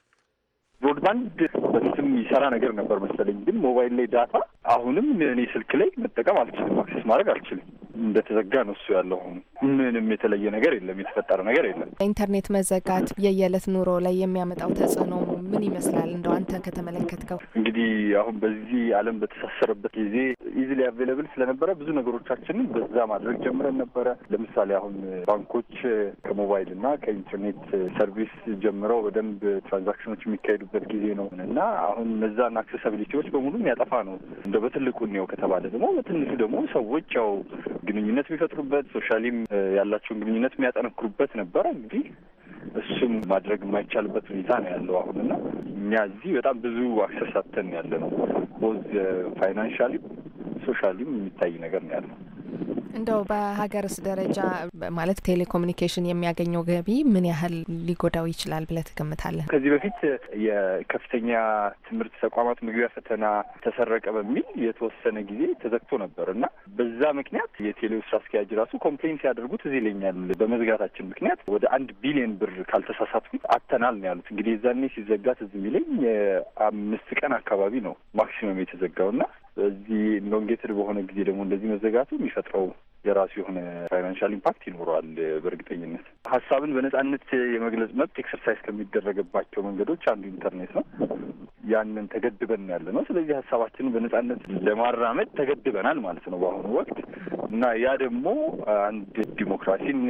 ብሮድባንድ በፊትም ይሰራ ነገር ነበር መሰለኝ፣ ግን ሞባይል ላይ ዳታ አሁንም እኔ ስልክ ላይ መጠቀም አልችልም፣ አክሴስ ማድረግ አልችልም። እንደተዘጋ ነው እሱ ያለው። ምንም የተለየ ነገር የለም፣ የተፈጠረ ነገር የለም። ኢንተርኔት መዘጋት የየዕለት ኑሮ ላይ የሚያመጣው ተጽዕኖ ምን ይመስላል? እንደው አንተ ከተመለከትከው። እንግዲህ አሁን በዚህ ዓለም በተሳሰረበት ጊዜ ኢዚሊ አቬለብል ስለነበረ ብዙ ነገሮቻችንን በዛ ማድረግ ጀምረን ነበረ። ለምሳሌ አሁን ባንኮች ከሞባይል እና ከኢንተርኔት ሰርቪስ ጀምረው በደንብ ትራንዛክሽኖች የሚካሄዱበት ጊዜ ነው እና አሁን እነዛን አክሴሳቢሊቲዎች በሙሉ የሚያጠፋ ነው እንደ በትልቁ እንየው ከተባለ ደግሞ በትንሹ ደግሞ ሰዎች ያው ግንኙነት የሚፈጥሩበት ሶሻሊም ያላቸውን ግንኙነት የሚያጠነክሩበት ነበረ። እንግዲህ እሱም ማድረግ የማይቻልበት ሁኔታ ነው ያለው አሁን እና እኛ እዚህ በጣም ብዙ አክሰስ አተን ያለ ነው ቦዝ ፋይናንሻሊም ሶሻሊም የሚታይ ነገር ነው ያለው። እንደው በሀገርስ ደረጃ ማለት ቴሌኮሙኒኬሽን የሚያገኘው ገቢ ምን ያህል ሊጎዳው ይችላል ብለህ ትገምታለህ? ከዚህ በፊት የከፍተኛ ትምህርት ተቋማት መግቢያ ፈተና ተሰረቀ በሚል የተወሰነ ጊዜ ተዘግቶ ነበር እና በዛ ምክንያት የቴሌው ስራ አስኪያጅ ራሱ ኮምፕሌን ሲያደርጉት እዚህ ይለኛል። በመዝጋታችን ምክንያት ወደ አንድ ቢሊዮን ብር ካልተሳሳትኩ አተናል ነው ያሉት። እንግዲህ የዛኔ ሲዘጋት እዚህ የሚለኝ የአምስት ቀን አካባቢ ነው ማክሲመም የተዘጋው እና በዚህ ኢንሎንጌትድ በሆነ ጊዜ ደግሞ እንደዚህ መዘጋቱ የሚፈጥረው የራሱ የሆነ ፋይናንሻል ኢምፓክት ይኖረዋል። በእርግጠኝነት ሀሳብን በነጻነት የመግለጽ መብት ኤክሰርሳይዝ ከሚደረግባቸው መንገዶች አንዱ ኢንተርኔት ነው። ያንን ተገድበን ያለ ነው። ስለዚህ ሀሳባችንን በነጻነት ለማራመድ ተገድበናል ማለት ነው በአሁኑ ወቅት እና ያ ደግሞ አንድ ዲሞክራሲን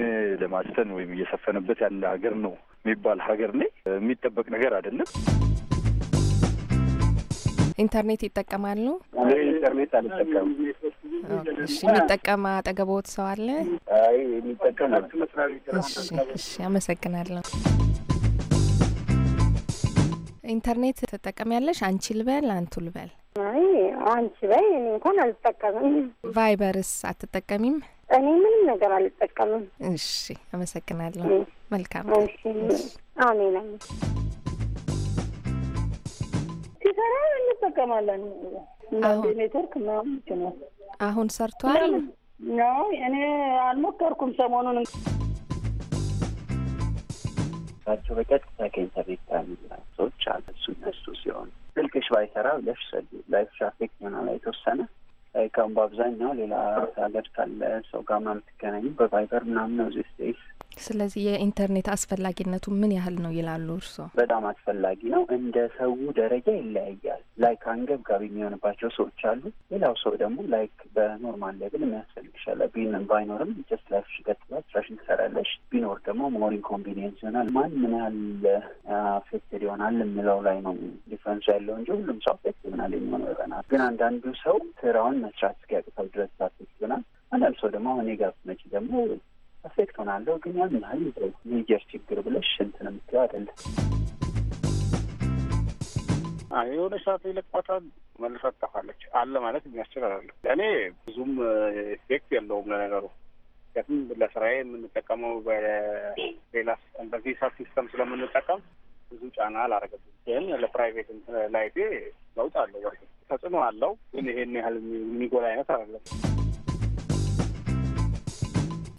ለማስፈን ወይም እየሰፈነበት ያለ ሀገር ነው የሚባል ሀገር ላይ የሚጠበቅ ነገር አይደለም። ኢንተርኔት ይጠቀማሉ? ኢንተርኔት አልጠቀም። እሺ፣ የሚጠቀም አጠገቦት ሰው አለ? አይ እሺ፣ አመሰግናለሁ። ኢንተርኔት ትጠቀሚያለሽ? አንቺ ልበል አንቱ ልበል? አንቺ በይ፣ እኔ እንኳን አልጠቀምም። ቫይበርስ አትጠቀሚም? እኔ ምንም ነገር አልጠቀምም። እሺ፣ አመሰግናለሁ። መልካም። እሺ፣ አሜን። ሲሰራ እንጠቀማለን። አንዳንዴ ኔትወርክ ምናምን ይችላል። አሁን ሰርቷል ነው እኔ አልሞከርኩም ሰሞኑን ያላቸው በቀጥታ ከኢንተርኔት ጋር ሰዎች አለ እሱ እነሱ ሲሆን ስልክሽ ባይሰራ ብለሽ ላይፍ ሆና ላይ የተወሰነ ከም በአብዛኛው ሌላ ሀገር ካለ ሰው ጋር የምትገናኙ በቫይበር ምናምን ነው ዚስ ስ ስለዚህ የኢንተርኔት አስፈላጊነቱ ምን ያህል ነው ይላሉ እርስዎ? በጣም አስፈላጊ ነው። እንደ ሰው ደረጃ ይለያያል። ላይክ አንገብጋቢ የሚሆንባቸው ሰዎች አሉ። ሌላው ሰው ደግሞ ላይክ በኖርማል የሚያስፈልግ የሚያስፈልግሻል ቢን ባይኖርም ጀስት ላይፍሽ ይቀጥላል፣ ስራሽን ትሰራለሽ። ቢኖር ደግሞ ሞር ኢንኮንቪኒየንስ ይሆናል። ማን ምን ያህል አፌክትድ ይሆናል የምለው ላይ ነው ዲፈረንሱ ያለው እንጂ ሁሉም ሰው አፌክት ይሆናል የሚሆነው ይሆናል። ግን አንዳንዱ ሰው ስራውን መስራት እስኪያቅተው ድረስ አፌክት ይሆናል። አንዳንድ ሰው ደግሞ አሁን የጋብ መጪ ደግሞ ኤፌክት ሆናለሁ፣ ግን ያን ያህል ሜጀር ችግር ብለሽ እንትን የምትለው አይደለም። የሆነ ሰዓት ይለቋታል፣ መልሳት ጠፋለች አለ ማለት የሚያስችል አላለሁ። እኔ ብዙም ኤፌክት የለውም ለነገሩ ምክንያቱም ለስራዬ የምንጠቀመው በሌላ በዚህ ሳት ሲስተም ስለምንጠቀም ብዙ ጫና አላረገብም። ግን ለፕራይቬት ላይቴ ለውጥ አለው፣ ተጽዕኖ አለው። ግን ይሄን ያህል የሚጎላ አይነት አይደለም።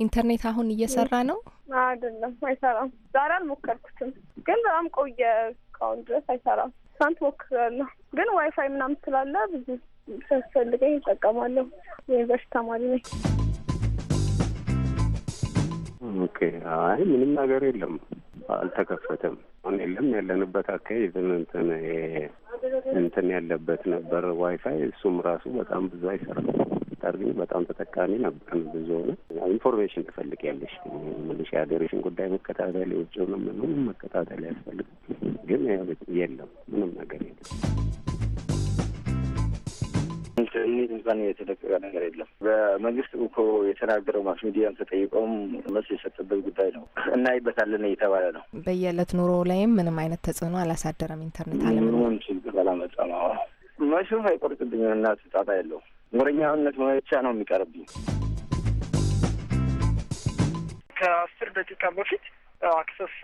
ኢንተርኔት አሁን እየሰራ ነው? አይደለም፣ አይሰራም። ዛሬ አልሞከርኩትም፣ ግን በጣም ቆየ። እስካሁን ድረስ አይሰራም። ሳንት ሞክራለሁ፣ ግን ዋይፋይ ምናምን ስላለ ብዙ ሲያስፈልገኝ ይጠቀማለሁ። የዩኒቨርስቲ ተማሪ ነኝ። ኦኬ። አይ ምንም ነገር የለም፣ አልተከፈተም። አሁን የለም። ያለንበት አካሄድ እንትን እንትን ያለበት ነበር ዋይፋይ፣ እሱም ራሱ በጣም ብዙ አይሰራም። ስታደርጊ በጣም ተጠቃሚ ነበር። ብዙ ሆነ ኢንፎርሜሽን ትፈልጊያለሽ። ምልሽ የሀገሬሽን ጉዳይ መከታተል የውጭውንም ምንም መከታተል ያስፈልግ፣ ግን የለም ምንም ነገር የለም። እንዴት እንኳን የተደቀቀ ነገር የለም። በመንግስት እኮ የተናገረው ማስ ሚዲያም ተጠይቀውም መልስ የሰጠበት ጉዳይ ነው። እናይበታለን እየተባለ ነው። በየዕለት ኑሮ ላይም ምንም አይነት ተጽዕኖ አላሳደረም። ኢንተርኔት አለምንም ችግር አላመጣም። መሽም አይቆርጥብኝም እና ስጣጣ የለውም ወረኛውነት መመቻ ነው የሚቀርብኝ። ከአስር ደቂቃ በፊት አክሰስ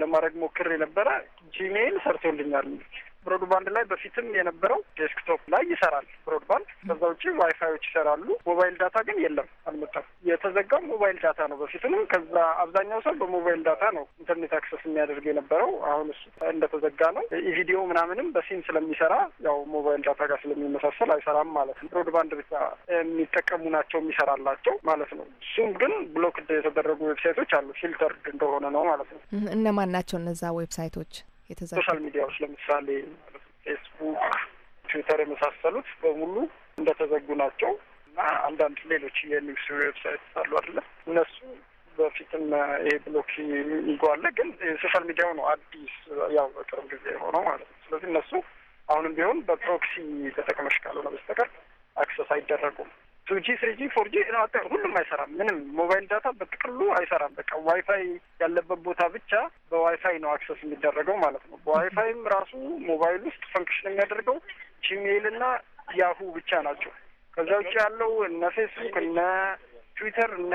ለማድረግ ሞክሬ ነበረ። ጂሜይል ሰርቶልኛል። ብሮድባንድ ላይ በፊትም የነበረው ዴስክቶፕ ላይ ይሰራል ብሮድባንድ። ከዛ ውጭ ዋይፋዮች ይሰራሉ። ሞባይል ዳታ ግን የለም፣ አልመጣም። የተዘጋው ሞባይል ዳታ ነው። በፊትንም ከዛ አብዛኛው ሰው በሞባይል ዳታ ነው ኢንተርኔት አክሰስ የሚያደርግ የነበረው። አሁን እሱ እንደተዘጋ ነው። ቪዲዮ ምናምንም በሲም ስለሚሰራ ያው ሞባይል ዳታ ጋር ስለሚመሳሰል አይሰራም ማለት ነው። ብሮድባንድ ብቻ የሚጠቀሙ ናቸው የሚሰራላቸው ማለት ነው። እሱም ግን ብሎክድ የተደረጉ ዌብሳይቶች አሉ፣ ፊልተርድ እንደሆነ ነው ማለት ነው። እነማን ናቸው እነዛ ዌብሳይቶች? የተዘጋ ሶሻል ሚዲያዎች ለምሳሌ ፌስቡክ፣ ትዊተር የመሳሰሉት በሙሉ እንደተዘጉ ናቸው እና አንዳንድ ሌሎች የኒውስ ዌብሳይት አሉ አይደለ? እነሱ በፊትም ይሄ ብሎክ ይጓለ ግን ሶሻል ሚዲያው ነው አዲስ ያው በቅርብ ጊዜ የሆነው ማለት ነው። ስለዚህ እነሱ አሁንም ቢሆን በፕሮክሲ ተጠቅመሽ ካልሆነ በስተቀር አክሰስ አይደረጉም። ቱጂ ስሪጂ ፎርጂ ሁሉም አይሰራም። ምንም ሞባይል ዳታ በጥቅሉ አይሰራም። በቃ ዋይፋይ ያለበት ቦታ ብቻ በዋይፋይ ነው አክሰስ የሚደረገው ማለት ነው። በዋይፋይም ራሱ ሞባይል ውስጥ ፈንክሽን የሚያደርገው ጂሜይል እና ያሁ ብቻ ናቸው። ከዛ ውጭ ያለው እነ ፌስቡክ እነ ትዊተር እነ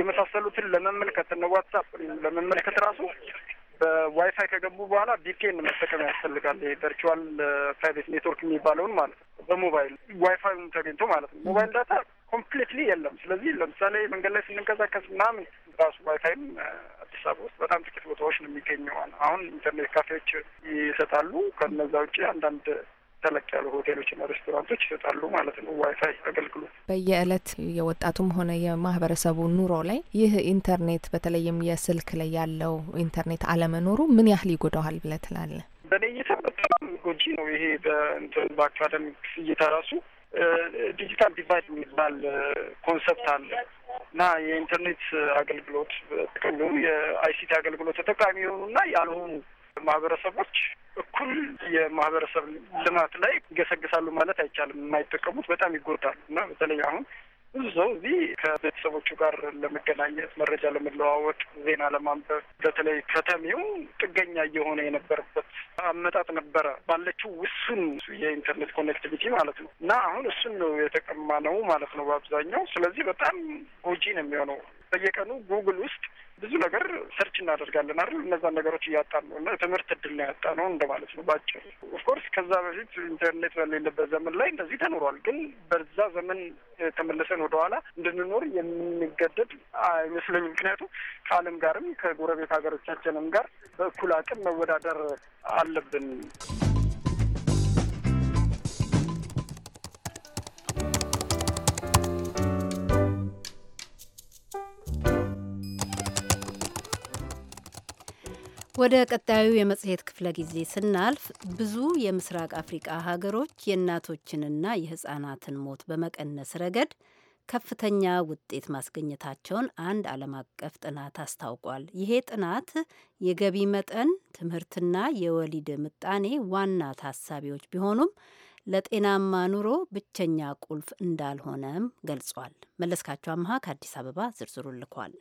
የመሳሰሉትን ለመመልከት እነ ዋትሳፕ ለመመልከት ራሱ በዋይፋይ ከገቡ በኋላ ቪፒኤን መጠቀም ያስፈልጋል። ቨርቹዋል ፕራይቬት ኔትወርክ የሚባለውን ማለት ነው። በሞባይል ዋይፋይ ተገኝቶ ማለት ነው። ሞባይል ዳታ ኮምፕሊትሊ የለም። ስለዚህ ለምሳሌ መንገድ ላይ ስንንቀሳቀስ ምናምን ራሱ ዋይፋይም አዲስ አበባ ውስጥ በጣም ጥቂት ቦታዎች ነው የሚገኘዋል። አሁን ኢንተርኔት ካፌዎች ይሰጣሉ። ከነዛ ውጭ አንዳንድ ተለቅ ያሉ ሆቴሎችና ሬስቶራንቶች ይሰጣሉ ማለት ነው። ዋይፋይ አገልግሎት በየእለት የወጣቱም ሆነ የማህበረሰቡ ኑሮ ላይ ይህ ኢንተርኔት በተለይም የስልክ ላይ ያለው ኢንተርኔት አለመኖሩ ምን ያህል ይጎዳዋል ብለህ ትላለህ? በእኔ እይታ በጣም ጎጂ ነው። ይሄ በእንትን በአካዳሚክ እይታ ራሱ ዲጂታል ዲቫይድ የሚባል ኮንሰፕት አለ እና የኢንተርኔት አገልግሎት ጥቅሉ የአይሲቲ አገልግሎት ተጠቃሚ የሆኑ እና ያልሆኑ ማህበረሰቦች እኩል የማህበረሰብ ልማት ላይ ይገሰግሳሉ ማለት አይቻልም። የማይጠቀሙት በጣም ይጎዳሉ እና በተለይ አሁን ብዙ ሰው እዚህ ከቤተሰቦቹ ጋር ለመገናኘት፣ መረጃ ለመለዋወጥ፣ ዜና ለማንበብ በተለይ ከተሜው ጥገኛ እየሆነ የነበረበት አመጣጥ ነበረ ባለችው ውሱን የኢንተርኔት ኮኔክቲቪቲ ማለት ነው እና አሁን እሱን ነው የተቀማ ነው ማለት ነው በአብዛኛው። ስለዚህ በጣም ጎጂ ነው የሚሆነው በየቀኑ ጉግል ውስጥ ብዙ ነገር ሰርች እናደርጋለን አይደል? እነዛን ነገሮች እያጣ ነው እና ትምህርት እድል ነው ያጣነው እንደማለት ነው ባጭሩ። ኦፍኮርስ ከዛ በፊት ኢንተርኔት በሌለበት ዘመን ላይ እንደዚህ ተኖሯል። ግን በዛ ዘመን ተመልሰን ወደኋላ እንድንኖር የምንገደድ አይመስለኝም። ምክንያቱም ከዓለም ጋርም ከጎረቤት ሀገሮቻችንም ጋር በእኩል አቅም መወዳደር አለብን። ወደ ቀጣዩ የመጽሔት ክፍለ ጊዜ ስናልፍ ብዙ የምስራቅ አፍሪቃ ሀገሮች የእናቶችንና የህጻናትን ሞት በመቀነስ ረገድ ከፍተኛ ውጤት ማስገኘታቸውን አንድ ዓለም አቀፍ ጥናት አስታውቋል። ይሄ ጥናት የገቢ መጠን፣ ትምህርትና የወሊድ ምጣኔ ዋና ታሳቢዎች ቢሆኑም ለጤናማ ኑሮ ብቸኛ ቁልፍ እንዳልሆነም ገልጿል። መለስካቸው አምሃ ከአዲስ አበባ ዝርዝሩ ልኳል።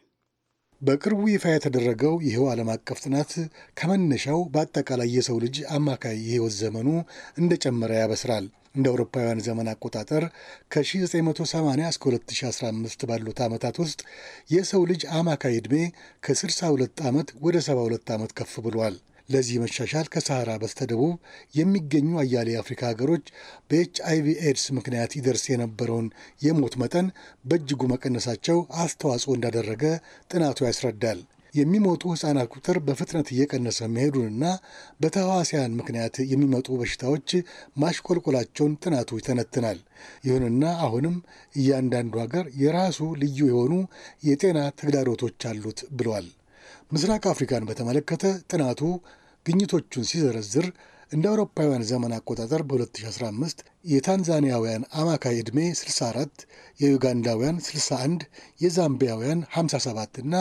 በቅርቡ ይፋ የተደረገው ይኸው ዓለም አቀፍ ጥናት ከመነሻው በአጠቃላይ የሰው ልጅ አማካይ የህይወት ዘመኑ እንደጨመረ ያበስራል። እንደ አውሮፓውያን ዘመን አቆጣጠር ከ1980 እስከ 2015 ባሉት ዓመታት ውስጥ የሰው ልጅ አማካይ ዕድሜ ከ62 ዓመት ወደ 72 ዓመት ከፍ ብሏል። ለዚህ መሻሻል ከሰሃራ በስተደቡብ የሚገኙ አያሌ የአፍሪካ ሀገሮች በኤች አይቪ ኤድስ ምክንያት ይደርስ የነበረውን የሞት መጠን በእጅጉ መቀነሳቸው አስተዋጽኦ እንዳደረገ ጥናቱ ያስረዳል። የሚሞቱ ህጻናት ቁጥር በፍጥነት እየቀነሰ መሄዱንና በተህዋሲያን ምክንያት የሚመጡ በሽታዎች ማሽቆልቆላቸውን ጥናቱ ይተነትናል። ይሁንና አሁንም እያንዳንዱ ሀገር የራሱ ልዩ የሆኑ የጤና ተግዳሮቶች አሉት ብሏል። ምስራቅ አፍሪካን በተመለከተ ጥናቱ ግኝቶቹን ሲዘረዝር እንደ አውሮፓውያን ዘመን አቆጣጠር በ2015 የታንዛኒያውያን አማካይ ዕድሜ 64፣ የዩጋንዳውያን 61፣ የዛምቢያውያን 57 እና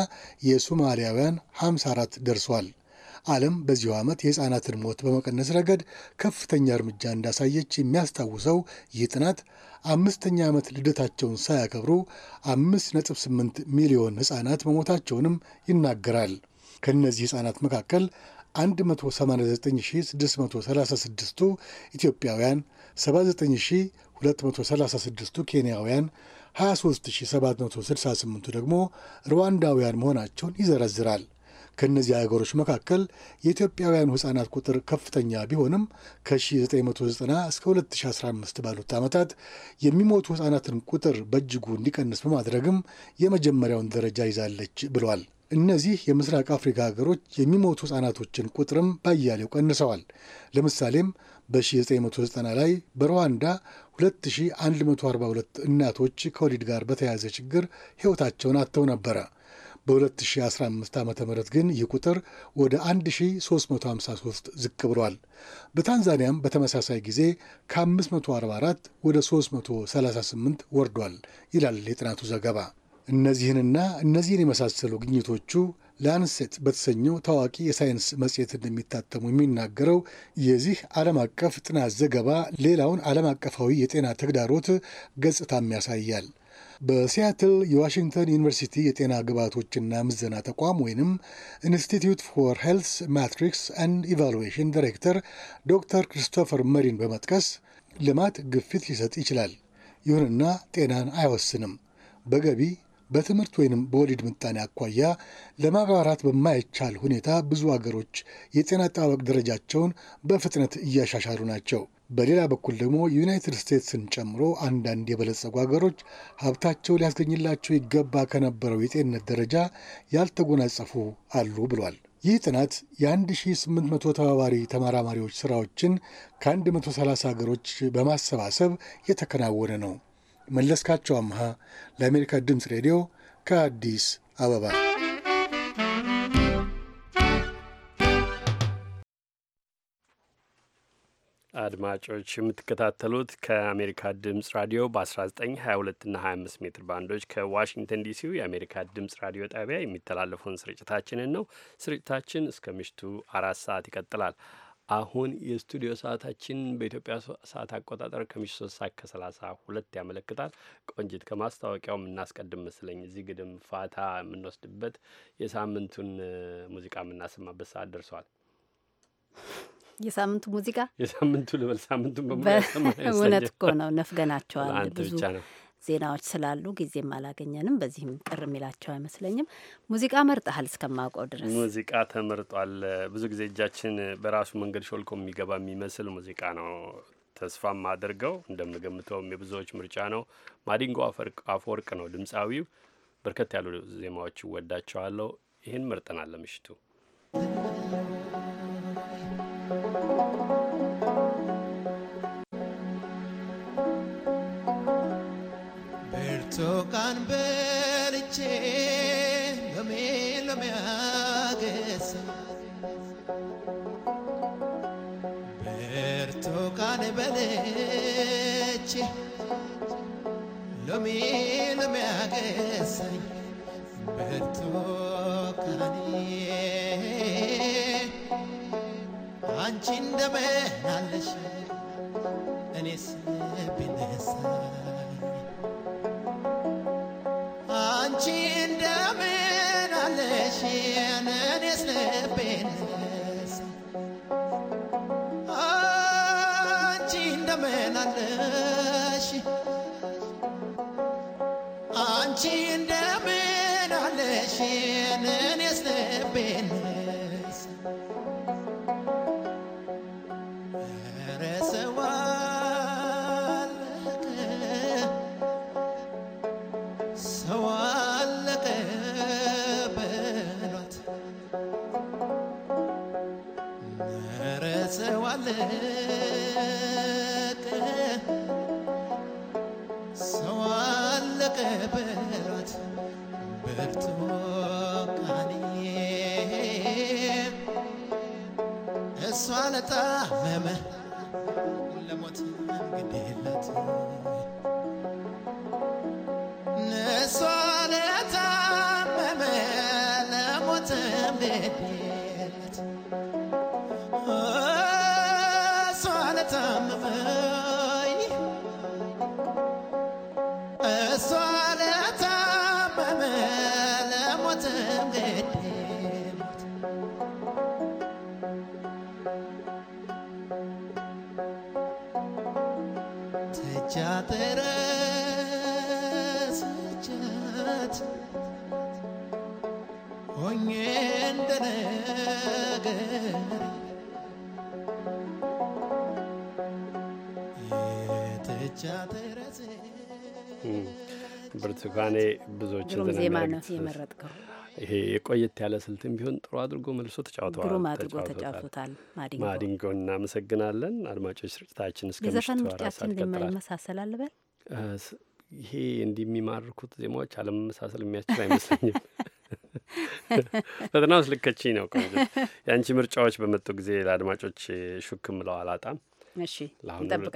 የሱማሊያውያን 54 ደርሷል። ዓለም በዚሁ ዓመት የሕፃናትን ሞት በመቀነስ ረገድ ከፍተኛ እርምጃ እንዳሳየች የሚያስታውሰው ይህ ጥናት አምስተኛ ዓመት ልደታቸውን ሳያከብሩ አምስት ነጥብ ስምንት ሚሊዮን ሕፃናት መሞታቸውንም ይናገራል። ከእነዚህ ሕፃናት መካከል 189636ቱ ኢትዮጵያውያን፣ 79236ቱ ኬንያውያን 23768ቱ ደግሞ ሩዋንዳውያን መሆናቸውን ይዘረዝራል። ከእነዚህ ሀገሮች መካከል የኢትዮጵያውያኑ ህጻናት ቁጥር ከፍተኛ ቢሆንም ከ1990 እስከ 2015 ባሉት ዓመታት የሚሞቱ ህጻናትን ቁጥር በእጅጉ እንዲቀንስ በማድረግም የመጀመሪያውን ደረጃ ይዛለች ብሏል። እነዚህ የምስራቅ አፍሪካ ሀገሮች የሚሞቱ ህጻናቶችን ቁጥርም ባያሌው ቀንሰዋል። ለምሳሌም በ1990 ላይ በሩዋንዳ 2142 እናቶች ከወሊድ ጋር በተያያዘ ችግር ሕይወታቸውን አጥተው ነበረ። በ2015 ዓ ም ግን ይህ ቁጥር ወደ 1353 ዝቅ ብሏል። በታንዛኒያም በተመሳሳይ ጊዜ ከ544 ወደ 338 ወርዷል ይላል የጥናቱ ዘገባ። እነዚህንና እነዚህን የመሳሰሉ ግኝቶቹ ላንሴት በተሰኘው ታዋቂ የሳይንስ መጽሔት እንደሚታተሙ የሚናገረው የዚህ ዓለም አቀፍ ጥናት ዘገባ ሌላውን ዓለም አቀፋዊ የጤና ተግዳሮት ገጽታም ያሳያል። በሲያትል የዋሽንግተን ዩኒቨርሲቲ የጤና ግብዓቶችና ምዘና ተቋም ወይንም ኢንስቲትዩት ፎር ሄልስ ማትሪክስ አንድ ኢቫሉዌሽን ዳይሬክተር ዶክተር ክሪስቶፈር መሪን በመጥቀስ ልማት ግፊት ሊሰጥ ይችላል። ይሁንና ጤናን አይወስንም። በገቢ በትምህርት ወይንም በወሊድ ምጣኔ አኳያ ለማብራራት በማይቻል ሁኔታ ብዙ አገሮች የጤና አጠባበቅ ደረጃቸውን በፍጥነት እያሻሻሉ ናቸው። በሌላ በኩል ደግሞ ዩናይትድ ስቴትስን ጨምሮ አንዳንድ የበለጸጉ ሀገሮች ሀብታቸው ሊያስገኝላቸው ይገባ ከነበረው የጤንነት ደረጃ ያልተጎናጸፉ አሉ ብሏል። ይህ ጥናት የ1800 ተባባሪ ተመራማሪዎች ስራዎችን ከ130 ሀገሮች በማሰባሰብ የተከናወነ ነው። መለስካቸው አምሃ ለአሜሪካ ድምፅ ሬዲዮ ከአዲስ አበባ አድማጮች የምትከታተሉት ከአሜሪካ ድምጽ ራዲዮ በ1922 እና 25 ሜትር ባንዶች ከዋሽንግተን ዲሲው የአሜሪካ ድምጽ ራዲዮ ጣቢያ የሚተላለፈውን ስርጭታችንን ነው። ስርጭታችን እስከ ምሽቱ አራት ሰዓት ይቀጥላል። አሁን የስቱዲዮ ሰዓታችን በኢትዮጵያ ሰዓት አቆጣጠር ከምሽቱ ሶስት ሰዓት ከሰላሳ ሁለት ያመለክታል። ቆንጅት ከማስታወቂያው የምናስቀድም መስለኝ እዚህ ግድም ፋታ የምንወስድበት የሳምንቱን ሙዚቃ የምናሰማበት ሰዓት ደርሷል። የሳምንቱ ሙዚቃ የሳምንቱ ልበል ሳምንቱ በእውነት እኮ ነው ነፍገናቸዋል። ብዙ ዜናዎች ስላሉ ጊዜም አላገኘንም። በዚህም ቅር የሚላቸው አይመስለኝም። ሙዚቃ መርጠሃል እስከማውቀው ድረስ ሙዚቃ ተመርጧል። ብዙ ጊዜ እጃችን በራሱ መንገድ ሾልኮ የሚገባ የሚመስል ሙዚቃ ነው። ተስፋም አድርገው እንደምገምተውም የብዙዎች ምርጫ ነው። ማዲንጎ አፈወርቅ ነው ድምፃዊው። በርከት ያሉ ዜማዎች እወዳቸዋለሁ። ይህን መርጠናል ለምሽቱ ቶካን በልቼ ሎሜ ሎሜ አገሳ ብርቱካን በልቼ ሎሜ ሎሜ አገሳኝ ብርቱካኔ አንቺ እንደምን አለሽ እኔስ ብነሳ አንቺ እንደምን አለሽን እኔስ ልቤንስ ኧረ ሰው አለቀ ሰው አለቀ በሏት ኧረ ሰው አለቀ ተቀበሏት በርቱ ቃኔ እሷ ለታመመ ለሞት ግድ የላት እሷ ለታመመ ለሞት ግድ ብርቱካኔ ብዙዎችን ዜማነት የመረጥከው። ይሄ የቆየት ያለ ስልትም ቢሆን ጥሩ አድርጎ መልሶ ተጫውተዋል። ግሩም አድርጎ ተጫውቶታል። ማዲንጎ እናመሰግናለን። አድማጮች ስርጭታችን እስከ ምሽቱ አራት ሰዓት ይቀጥላል። ይሄ እንዲህ የሚማርኩት ዜማዎች አለመመሳሰል የሚያስችል አይመስለኝም። ፈተና ውስጥ ልከችኝ ነው። የአንቺ ምርጫዎች በመጡ ጊዜ ለአድማጮች ሹክ ምለው አላጣም። እሺ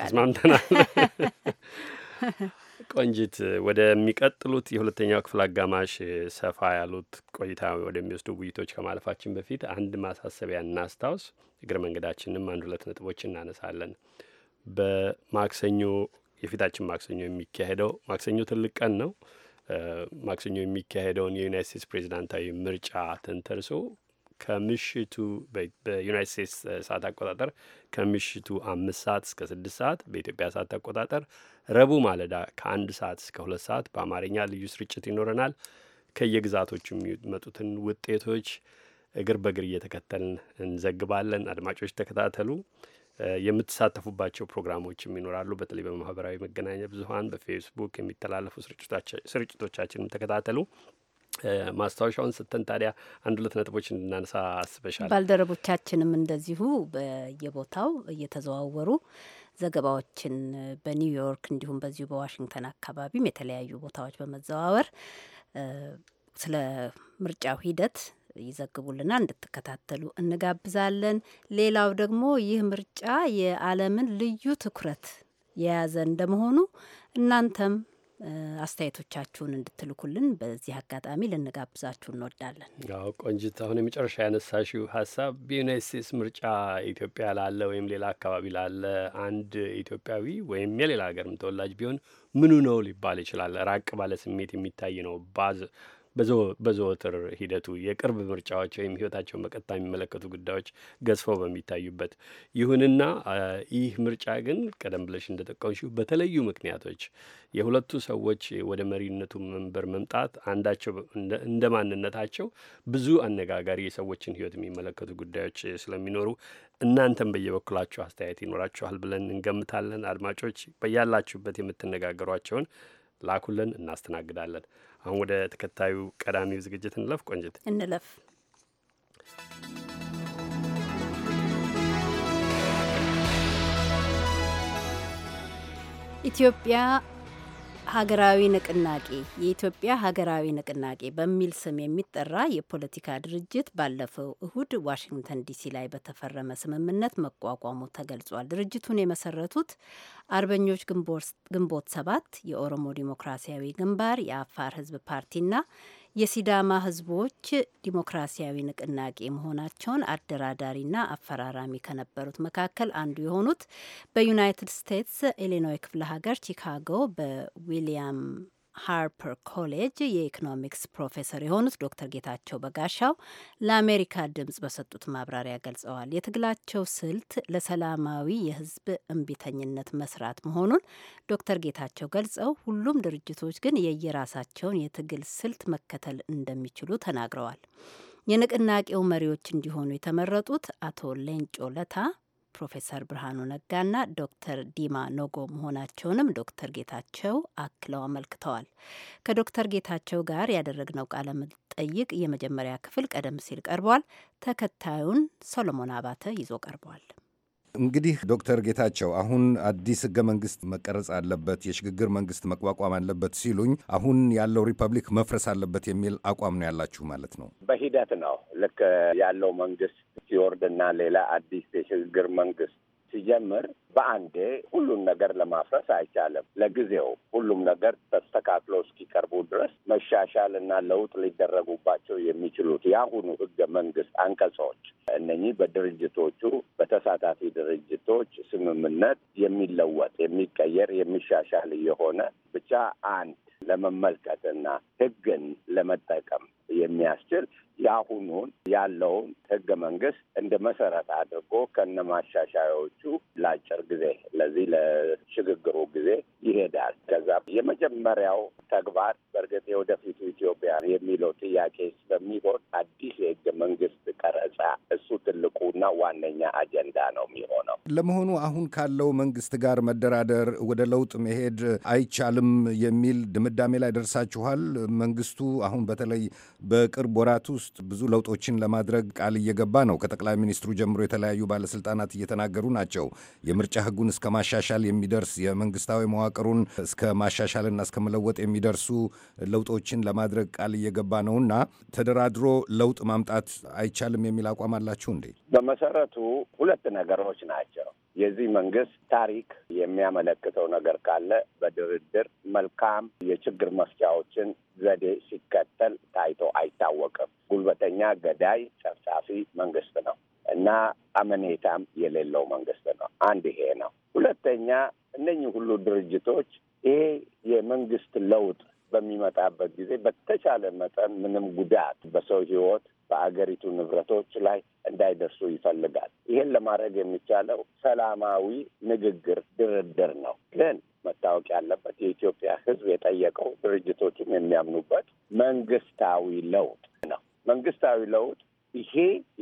ተስማምተናል። ቆንጂት ወደሚቀጥሉት የሁለተኛው ክፍል አጋማሽ ሰፋ ያሉት ቆይታ ወደሚወስዱ ውይይቶች ከማለፋችን በፊት አንድ ማሳሰቢያ እናስታውስ። እግረ መንገዳችንም አንድ ሁለት ነጥቦች እናነሳለን። በማክሰኞ የፊታችን ማክሰኞ የሚካሄደው ማክሰኞ ትልቅ ቀን ነው። ማክሰኞ የሚካሄደውን የዩናይት ስቴትስ ፕሬዚዳንታዊ ምርጫ ተንተርሶ ከምሽቱ በዩናይት ስቴትስ ሰዓት አቆጣጠር ከምሽቱ አምስት ሰዓት እስከ ስድስት ሰዓት በኢትዮጵያ ሰዓት አቆጣጠር ረቡዕ ማለዳ ከአንድ ሰዓት እስከ ሁለት ሰዓት በአማርኛ ልዩ ስርጭት ይኖረናል። ከየግዛቶቹ የሚመጡትን ውጤቶች እግር በእግር እየተከተልን እንዘግባለን። አድማጮች ተከታተሉ። የምትሳተፉባቸው ፕሮግራሞችም ይኖራሉ። በተለይ በማህበራዊ መገናኛ ብዙኃን በፌስቡክ የሚተላለፉ ስርጭቶቻችንም ተከታተሉ። ማስታወሻውን ስተን ታዲያ አንድ ሁለት ነጥቦች እንድናነሳ አስበሻል። ባልደረቦቻችንም እንደዚሁ በየቦታው እየተዘዋወሩ ዘገባዎችን በኒውዮርክ እንዲሁም በዚሁ በዋሽንግተን አካባቢም የተለያዩ ቦታዎች በመዘዋወር ስለ ምርጫው ሂደት ይዘግቡልና እንድትከታተሉ እንጋብዛለን። ሌላው ደግሞ ይህ ምርጫ የዓለምን ልዩ ትኩረት የያዘ እንደመሆኑ እናንተም አስተያየቶቻችሁን እንድትልኩልን በዚህ አጋጣሚ ልንጋብዛችሁ እንወዳለን። ያው ቆንጅት፣ አሁን የመጨረሻ ያነሳሽው ሀሳብ በዩናይት ስቴትስ ምርጫ ኢትዮጵያ ላለ ወይም ሌላ አካባቢ ላለ አንድ ኢትዮጵያዊ ወይም የሌላ ሀገርም ተወላጅ ቢሆን ምኑ ነው ሊባል ይችላል። ራቅ ባለ ስሜት የሚታይ ነው ባዝ በዘወትር ሂደቱ የቅርብ ምርጫዎች ወይም ህይወታቸውን በቀጥታ የሚመለከቱ ጉዳዮች ገዝፈው በሚታዩበት ይሁንና ይህ ምርጫ ግን ቀደም ብለሽ እንደጠቀምሽው በተለዩ ምክንያቶች የሁለቱ ሰዎች ወደ መሪነቱ መንበር መምጣት አንዳቸው እንደ ማንነታቸው ብዙ አነጋጋሪ የሰዎችን ህይወት የሚመለከቱ ጉዳዮች ስለሚኖሩ እናንተም በየበኩላችሁ አስተያየት ይኖራችኋል ብለን እንገምታለን። አድማጮች በያላችሁበት የምትነጋገሯቸውን ላኩልን፣ እናስተናግዳለን። አሁን ወደ ተከታዩ ቀዳሚው ዝግጅት እንለፍ። ቆንጅት እንለፍ። ኢትዮጵያ ሀገራዊ ንቅናቄ የኢትዮጵያ ሀገራዊ ንቅናቄ በሚል ስም የሚጠራ የፖለቲካ ድርጅት ባለፈው እሁድ ዋሽንግተን ዲሲ ላይ በተፈረመ ስምምነት መቋቋሙ ተገልጿል። ድርጅቱን የመሰረቱት አርበኞች ግንቦት ሰባት፣ የኦሮሞ ዲሞክራሲያዊ ግንባር፣ የአፋር ህዝብ ፓርቲና የሲዳማ ህዝቦች ዲሞክራሲያዊ ንቅናቄ መሆናቸውን አደራዳሪና አፈራራሚ ከነበሩት መካከል አንዱ የሆኑት በዩናይትድ ስቴትስ ኢሊኖይ ክፍለ ሀገር ቺካጎ በዊሊያም ሃርፐር ኮሌጅ የኢኮኖሚክስ ፕሮፌሰር የሆኑት ዶክተር ጌታቸው በጋሻው ለአሜሪካ ድምጽ በሰጡት ማብራሪያ ገልጸዋል። የትግላቸው ስልት ለሰላማዊ የህዝብ እምቢተኝነት መስራት መሆኑን ዶክተር ጌታቸው ገልጸው ሁሉም ድርጅቶች ግን የየራሳቸውን የትግል ስልት መከተል እንደሚችሉ ተናግረዋል። የንቅናቄው መሪዎች እንዲሆኑ የተመረጡት አቶ ሌንጮ ለታ ፕሮፌሰር ብርሃኑ ነጋና ዶክተር ዲማ ኖጎ መሆናቸውንም ዶክተር ጌታቸው አክለው አመልክተዋል። ከዶክተር ጌታቸው ጋር ያደረግነው ቃለ መጠይቅ የመጀመሪያ ክፍል ቀደም ሲል ቀርቧል። ተከታዩን ሶሎሞን አባተ ይዞ ቀርቧል። እንግዲህ ዶክተር ጌታቸው አሁን አዲስ ህገ መንግስት መቀረጽ አለበት፣ የሽግግር መንግስት መቋቋም አለበት ሲሉኝ አሁን ያለው ሪፐብሊክ መፍረስ አለበት የሚል አቋም ነው ያላችሁ ማለት ነው? በሂደት ነው ልክ ያለው መንግስት ሲወርድና ሌላ አዲስ የሽግግር መንግስት ሲጀምር በአንዴ ሁሉን ነገር ለማፍረስ አይቻልም። ለጊዜው ሁሉም ነገር ተስተካክሎ እስኪቀርቡ ድረስ መሻሻል እና ለውጥ ሊደረጉባቸው የሚችሉት የአሁኑ ህገ መንግስት አንቀጾች እነኚህ በድርጅቶቹ በተሳታፊ ድርጅቶች ስምምነት የሚለወጥ የሚቀየር፣ የሚሻሻል እየሆነ ብቻ አንድ ለመመልከትና ህግን ለመጠቀም የሚያስችል የአሁኑን ያለውን ህገ መንግስት እንደ መሰረት አድርጎ ከነ ማሻሻያዎቹ ለአጭር ጊዜ ለዚህ ለሽግግሩ ጊዜ ይሄዳል። ከዛ የመጀመሪያው ተግባር በእርግጥ የወደፊቱ ኢትዮጵያ የሚለው ጥያቄ ስለሚሆን አዲስ የህገ መንግስት ቀረጻ ትልቁና ዋነኛ አጀንዳ ነው የሚሆነው። ለመሆኑ አሁን ካለው መንግስት ጋር መደራደር ወደ ለውጥ መሄድ አይቻልም የሚል ድምዳሜ ላይ ደርሳችኋል? መንግስቱ አሁን በተለይ በቅርብ ወራት ውስጥ ብዙ ለውጦችን ለማድረግ ቃል እየገባ ነው። ከጠቅላይ ሚኒስትሩ ጀምሮ የተለያዩ ባለስልጣናት እየተናገሩ ናቸው። የምርጫ ህጉን እስከ ማሻሻል የሚደርስ የመንግስታዊ መዋቅሩን እስከ ማሻሻልና እስከ መለወጥ የሚደርሱ ለውጦችን ለማድረግ ቃል እየገባ ነውና ተደራድሮ ለውጥ ማምጣት አይቻልም የሚል አቋም አላችሁ? እንዴ? በመሰረቱ ሁለት ነገሮች ናቸው። የዚህ መንግስት ታሪክ የሚያመለክተው ነገር ካለ በድርድር መልካም የችግር መፍቻዎችን ዘዴ ሲከተል ታይቶ አይታወቅም። ጉልበተኛ፣ ገዳይ፣ ጨፍጫፊ መንግስት ነው እና አመኔታም የሌለው መንግስት ነው። አንድ ይሄ ነው። ሁለተኛ እነኚህ ሁሉ ድርጅቶች ይሄ የመንግስት ለውጥ በሚመጣበት ጊዜ በተቻለ መጠን ምንም ጉዳት በሰው ህይወት በአገሪቱ ንብረቶች ላይ እንዳይደርሱ ይፈልጋል። ይህን ለማድረግ የሚቻለው ሰላማዊ ንግግር፣ ድርድር ነው። ግን መታወቅ ያለበት የኢትዮጵያ ህዝብ የጠየቀው ድርጅቶቹም የሚያምኑበት መንግስታዊ ለውጥ ነው። መንግስታዊ ለውጥ ይሄ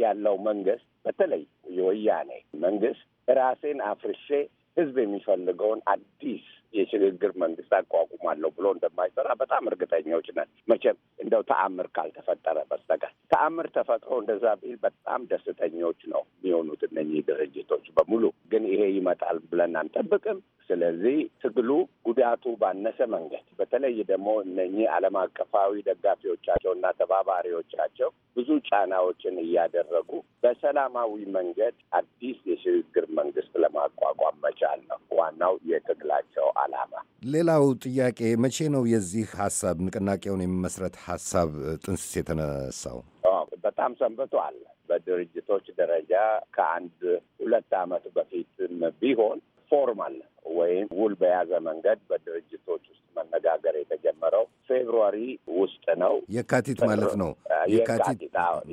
ያለው መንግስት በተለይ የወያኔ መንግስት ራሴን አፍርሼ ህዝብ የሚፈልገውን አዲስ የሽግግር መንግስት አቋቁማለሁ ብሎ እንደማይሰራ በጣም እርግጠኞች ነን። መቼም እንደው ተአምር ካልተፈጠረ በስተቀር ተአምር ተፈጥሮ እንደዛ ቢል በጣም ደስተኞች ነው የሚሆኑት እነኚህ ድርጅቶች በሙሉ ግን ይመጣል ብለን አንጠብቅም። ስለዚህ ትግሉ ጉዳቱ ባነሰ መንገድ በተለይ ደግሞ እነኚህ ዓለም አቀፋዊ እና ተባባሪዎቻቸው ብዙ ጫናዎችን እያደረጉ በሰላማዊ መንገድ አዲስ የሽግግር መንግስት ለማቋቋም መቻል ነው ዋናው የትግላቸው ዓላማ። ሌላው ጥያቄ መቼ ነው የዚህ ሀሳብ ንቅናቄውን የሚመስረት ሀሳብ ጥንስስ የተነሳው? በጣም ሰንብቷል። በድርጅቶች ደረጃ ከአንድ ሁለት ዓመት በፊትም ቢሆን ፎርማል ወይም ውል በያዘ መንገድ በድርጅቶች ውስጥ መነጋገር የተጀመረው ፌብሩዋሪ ውስጥ ነው። የካቲት ማለት ነው። የካቲት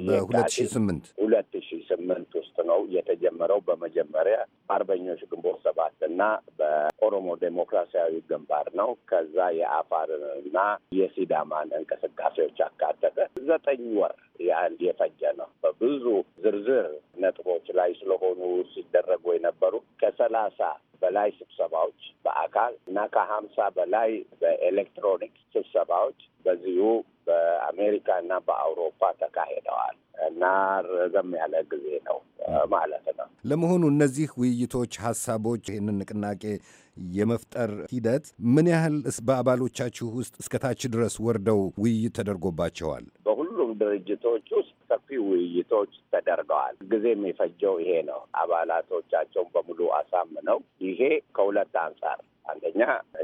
በሁለት ስምንት ሁለት ሺ ስምንት ውስጥ ነው የተጀመረው። በመጀመሪያ አርበኞች ግንቦት ሰባት እና በኦሮሞ ዴሞክራሲያዊ ግንባር ነው። ከዛ የአፋርንና የሲዳማን እንቅስቃሴዎች አካተተ። ዘጠኝ ወር የአንድ የፈጀ ነው። በብዙ ዝርዝር ነጥቦች ላይ ስለሆኑ ሲደረጉ የነበሩ ከሰላሳ በላይ ስብሰባዎች በአካል እና ከሀምሳ በላይ በኤሌክትሮኒክ ስብሰባዎች በዚሁ በአሜሪካ እና በአውሮፓ ተካሂደዋል እና ረዘም ያለ ጊዜ ነው ማለት ነው። ለመሆኑ እነዚህ ውይይቶች፣ ሀሳቦች ይህንን ንቅናቄ የመፍጠር ሂደት ምን ያህል በአባሎቻችሁ ውስጥ እስከታች ድረስ ወርደው ውይይት ተደርጎባቸዋል? ድርጅቶች ውስጥ ሰፊ ውይይቶች ተደርገዋል። ጊዜ የሚፈጀው ይሄ ነው። አባላቶቻቸውን በሙሉ አሳምነው ይሄ ከሁለት አንጻር አንደኛ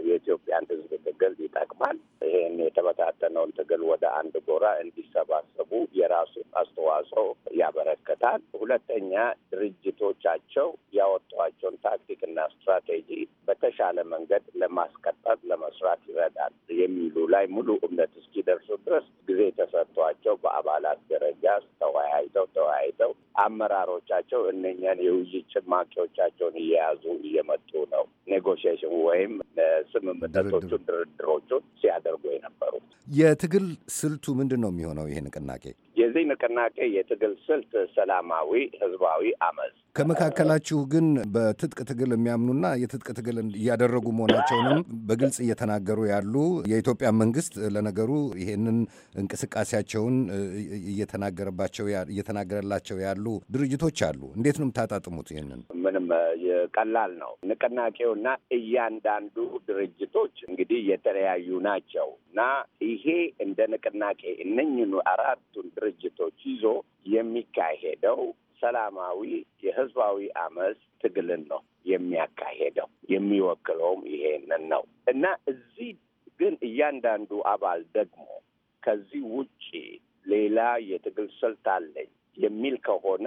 የኢትዮጵያን ሕዝብ ትግል ይጠቅማል። ይህን የተበታተነውን ትግል ወደ አንድ ጎራ እንዲሰባሰቡ የራሱን አስተዋጽኦ ያበረከታል። ሁለተኛ ድርጅቶቻቸው ያወጧቸውን ታክቲክና ስትራቴጂ በተሻለ መንገድ ለማስቀጠል ለመስራት ይረዳል የሚሉ ላይ ሙሉ እምነት እስኪደርስ አመራሮቻቸው እነኛን የውይይት ጭማቂዎቻቸውን እየያዙ እየመጡ ነው ኔጎሽሽን ወይም ስምምነቶቹን ድርድሮቹን ሲያደርጉ የነበሩት። የትግል ስልቱ ምንድን ነው የሚሆነው ይሄ ንቅናቄ? የዚህ ንቅናቄ የትግል ስልት ሰላማዊ ህዝባዊ አመፅ ከመካከላችሁ ግን በትጥቅ ትግል የሚያምኑና የትጥቅ ትግል እያደረጉ መሆናቸውንም በግልጽ እየተናገሩ ያሉ የኢትዮጵያ መንግስት ለነገሩ ይሄንን እንቅስቃሴያቸውን እየተናገረባቸው እየተናገረላቸው ያሉ ድርጅቶች አሉ። እንዴት ነው የምታጣጥሙት? ይህንን ምንም ቀላል ነው ንቅናቄውና እያንዳንዱ ድርጅቶች እንግዲህ የተለያዩ ናቸው እና ይሄ እንደ ንቅናቄ እነኝኑ አራቱን ድርጅ ድርጅቶች ይዞ የሚካሄደው ሰላማዊ የህዝባዊ አመፅ ትግልን ነው የሚያካሄደው። የሚወክለውም ይሄንን ነው እና እዚህ ግን እያንዳንዱ አባል ደግሞ ከዚህ ውጪ ሌላ የትግል ስልት አለኝ የሚል ከሆነ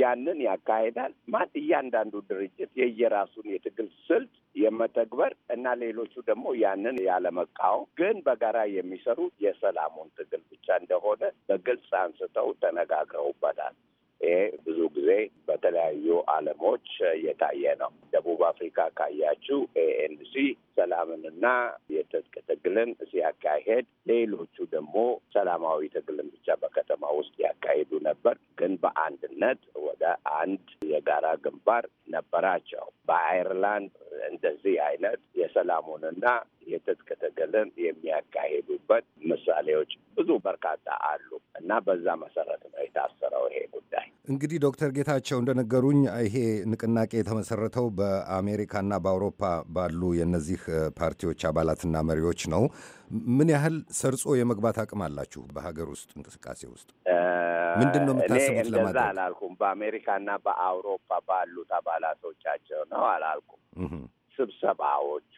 ያንን ያካሄዳል። ማን እያንዳንዱ ድርጅት የየራሱን የትግል ስልት የመተግበር እና ሌሎቹ ደግሞ ያንን ያለመቃወም ግን በጋራ የሚሰሩ የሰላሙን ትግል ብቻ እንደሆነ በግልጽ አንስተው ተነጋግረውበታል። ይሄ ብዙ ጊዜ በተለያዩ ዓለሞች የታየ ነው። ደቡብ አፍሪካ ካያችው ኤኤንሲ ሰላምንና የትጥቅ ትግልን ሲያካሄድ፣ ሌሎቹ ደግሞ ሰላማዊ ትግልን ብቻ በከተማ ውስጥ ያካሂዱ ነበር። ግን በአንድነት ወደ አንድ የጋራ ግንባር ነበራቸው። በአይርላንድ እንደዚህ አይነት የሰላሙንና የተዝከተ ገለን የሚያካሄዱበት ምሳሌዎች ብዙ በርካታ አሉ እና በዛ መሰረት ነው የታሰረው ይሄ ጉዳይ። እንግዲህ ዶክተር ጌታቸው እንደነገሩኝ ይሄ ንቅናቄ የተመሰረተው በአሜሪካና በአውሮፓ ባሉ የእነዚህ ፓርቲዎች አባላትና መሪዎች ነው። ምን ያህል ሰርጾ የመግባት አቅም አላችሁ? በሀገር ውስጥ እንቅስቃሴ ውስጥ ምንድን ነው የምታስቡት? ለማለት አላልኩም። በአሜሪካና በአውሮፓ ባሉት አባላቶቻቸው ነው አላልኩም ስብሰባዎቹ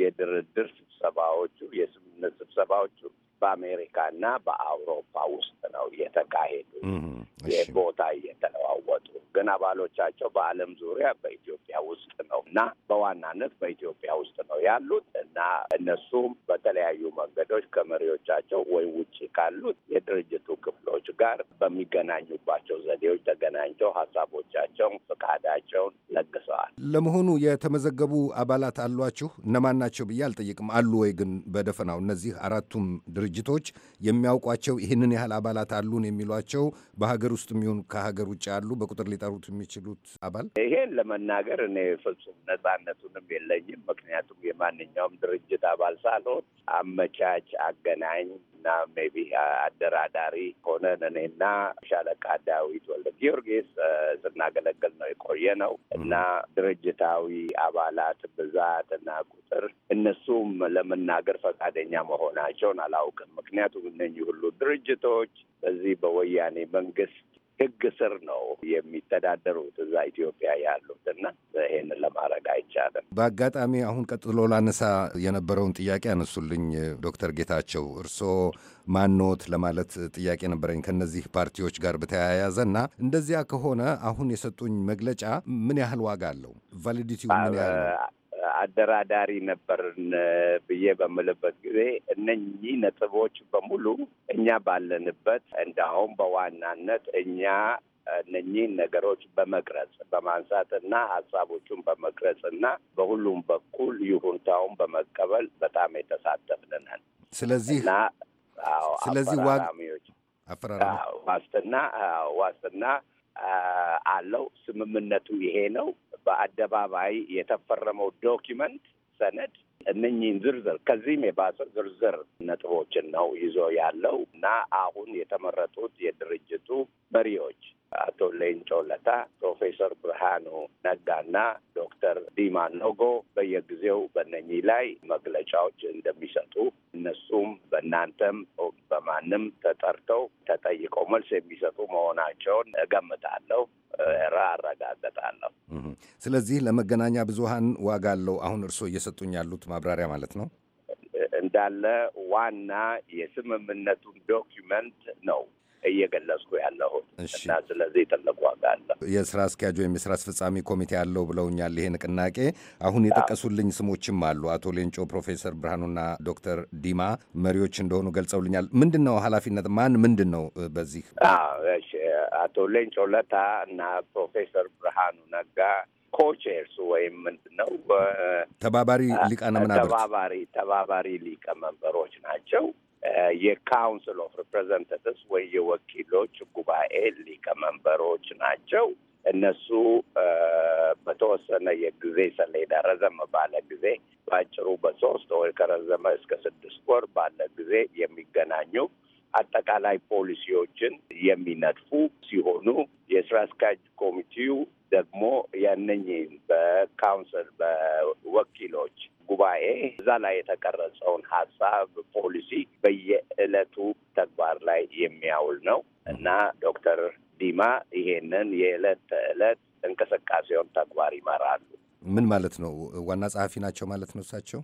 የድርድር ስብሰባዎቹ የስም ስብሰባዎቹ በአሜሪካና በአውሮፓ ውስጥ ነው የተካሄዱ። ቦታ እየተለዋወጡ ግን አባሎቻቸው በዓለም ዙሪያ በኢትዮጵያ ውስጥ ነው እና በዋናነት በኢትዮጵያ ውስጥ ነው ያሉት እና እነሱም በተለያዩ መንገዶች ከመሪዎቻቸው ወይ ውጭ ካሉት የድርጅቱ ክፍሎች ጋር በሚገናኙባቸው ዘዴዎች ተገናኝተው ሀሳቦቻቸውን፣ ፍቃዳቸውን ለግሰዋል። ለመሆኑ የተመዘገቡ አባላት አሏችሁ? እነማን ናቸው ብዬ አልጠይቅም። አሉ ወይ ግን በደፈናው እነዚህ አራቱም ድርጅቶች የሚያውቋቸው ይህንን ያህል አባላት አሉን የሚሏቸው በሀገር ውስጥ የሚሆን ከሀገር ውጭ አሉ በቁጥር ሊጠሩት የሚችሉት አባል? ይሄን ለመናገር እኔ ፍጹም ነጻነቱንም የለኝም። ምክንያቱም የማንኛውም ድርጅት አባል ሳልሆን አመቻች፣ አገናኝ፣ እና ሜቢ uh, አደራዳሪ ሆነን እኔና ሻለቃ ዳዊት ወልደ ጊዮርጊስ uh, ስናገለግል ነው የቆየ ነው እና ድርጅታዊ አባላት ብዛት እና ቁጥር እነሱም ለመናገር ፈቃደኛ መሆናቸውን አላውቅም። ምክንያቱም እነኚህ ሁሉ ድርጅቶች በዚህ በወያኔ መንግስት ህግ ስር ነው የሚተዳደሩት እዛ ኢትዮጵያ ያሉት እና ይሄንን ለማድረግ አይቻልም። በአጋጣሚ አሁን ቀጥሎ ላነሳ የነበረውን ጥያቄ አነሱልኝ ዶክተር ጌታቸው እርስዎ ማኖት ለማለት ጥያቄ ነበረኝ ከነዚህ ፓርቲዎች ጋር በተያያዘ እና እንደዚያ ከሆነ አሁን የሰጡኝ መግለጫ ምን ያህል ዋጋ አለው? ቫሊዲቲው ምን ያህል ነው? አደራዳሪ ነበርን ብዬ በምልበት ጊዜ እነኚህ ነጥቦች በሙሉ እኛ ባለንበት እንዳውም በዋናነት እኛ እነኚህን ነገሮች በመቅረጽ በማንሳት እና ሀሳቦቹን በመቅረጽ እና በሁሉም በኩል ይሁንታውን በመቀበል በጣም የተሳተፍንናል። ስለዚህ ስለዚህ ዋስትና ዋስትና አለው። ስምምነቱ ይሄ ነው። በአደባባይ የተፈረመው ዶኪመንት ሰነድ እነኚህን ዝርዝር ከዚህም የባሰ ዝርዝር ነጥቦችን ነው ይዞ ያለው እና አሁን የተመረጡት የድርጅቱ መሪዎች አቶ ሌንጮ ለታ፣ ፕሮፌሰር ብርሃኑ ነጋና ዶክተር ዲማ ኖጎ በየጊዜው በነኚህ ላይ መግለጫዎች እንደሚሰጡ እነሱም በእናንተም በማንም ተጠርተው ተጠይቀው መልስ የሚሰጡ መሆናቸውን እገምታለሁ፣ ራ አረጋገጣለሁ። ስለዚህ ለመገናኛ ብዙሃን ዋጋ አለው አሁን እርስዎ እየሰጡኝ ያሉት ማብራሪያ ማለት ነው እንዳለ ዋና የስምምነቱን ዶኪመንት ነው እየገለጽኩ ያለሁት እና ስለዚህ ትልቅ ዋጋ አለ። የስራ አስኪያጅ ወይም የስራ አስፈጻሚ ኮሚቴ አለው ብለውኛል። ይሄ ንቅናቄ አሁን የጠቀሱልኝ ስሞችም አሉ። አቶ ሌንጮ፣ ፕሮፌሰር ብርሃኑና ዶክተር ዲማ መሪዎች እንደሆኑ ገልጸውልኛል። ምንድን ነው ኃላፊነት ማን ምንድን ነው በዚህ አቶ ሌንጮ ለታ እና ፕሮፌሰር ብርሃኑ ነጋ ኮቼርስ ወይም ምንድን ነው ተባባሪ ሊቃነ መናብርት ተባባሪ ተባባሪ ሊቀመንበሮች ናቸው። የካውንስል ኦፍ ሪፕሬዘንታቲቭስ ወይ የወኪሎች ጉባኤ ሊቀመንበሮች ናቸው። እነሱ በተወሰነ የጊዜ ሰሌዳ ረዘም ባለ ጊዜ በአጭሩ በሶስት ወይ ከረዘመ እስከ ስድስት ወር ባለ ጊዜ የሚገናኙ አጠቃላይ ፖሊሲዎችን የሚነድፉ ሲሆኑ የስራ አስኪያጅ ኮሚቴው ደግሞ ያነኝን በካውንስል በወኪሎች ጉባኤ እዛ ላይ የተቀረጸውን ሀሳብ ፖሊሲ በየዕለቱ ተግባር ላይ የሚያውል ነው እና ዶክተር ዲማ ይሄንን የዕለት ተዕለት እንቅስቃሴውን ተግባር ይመራሉ። ምን ማለት ነው? ዋና ጸሐፊ ናቸው ማለት ነው እሳቸው?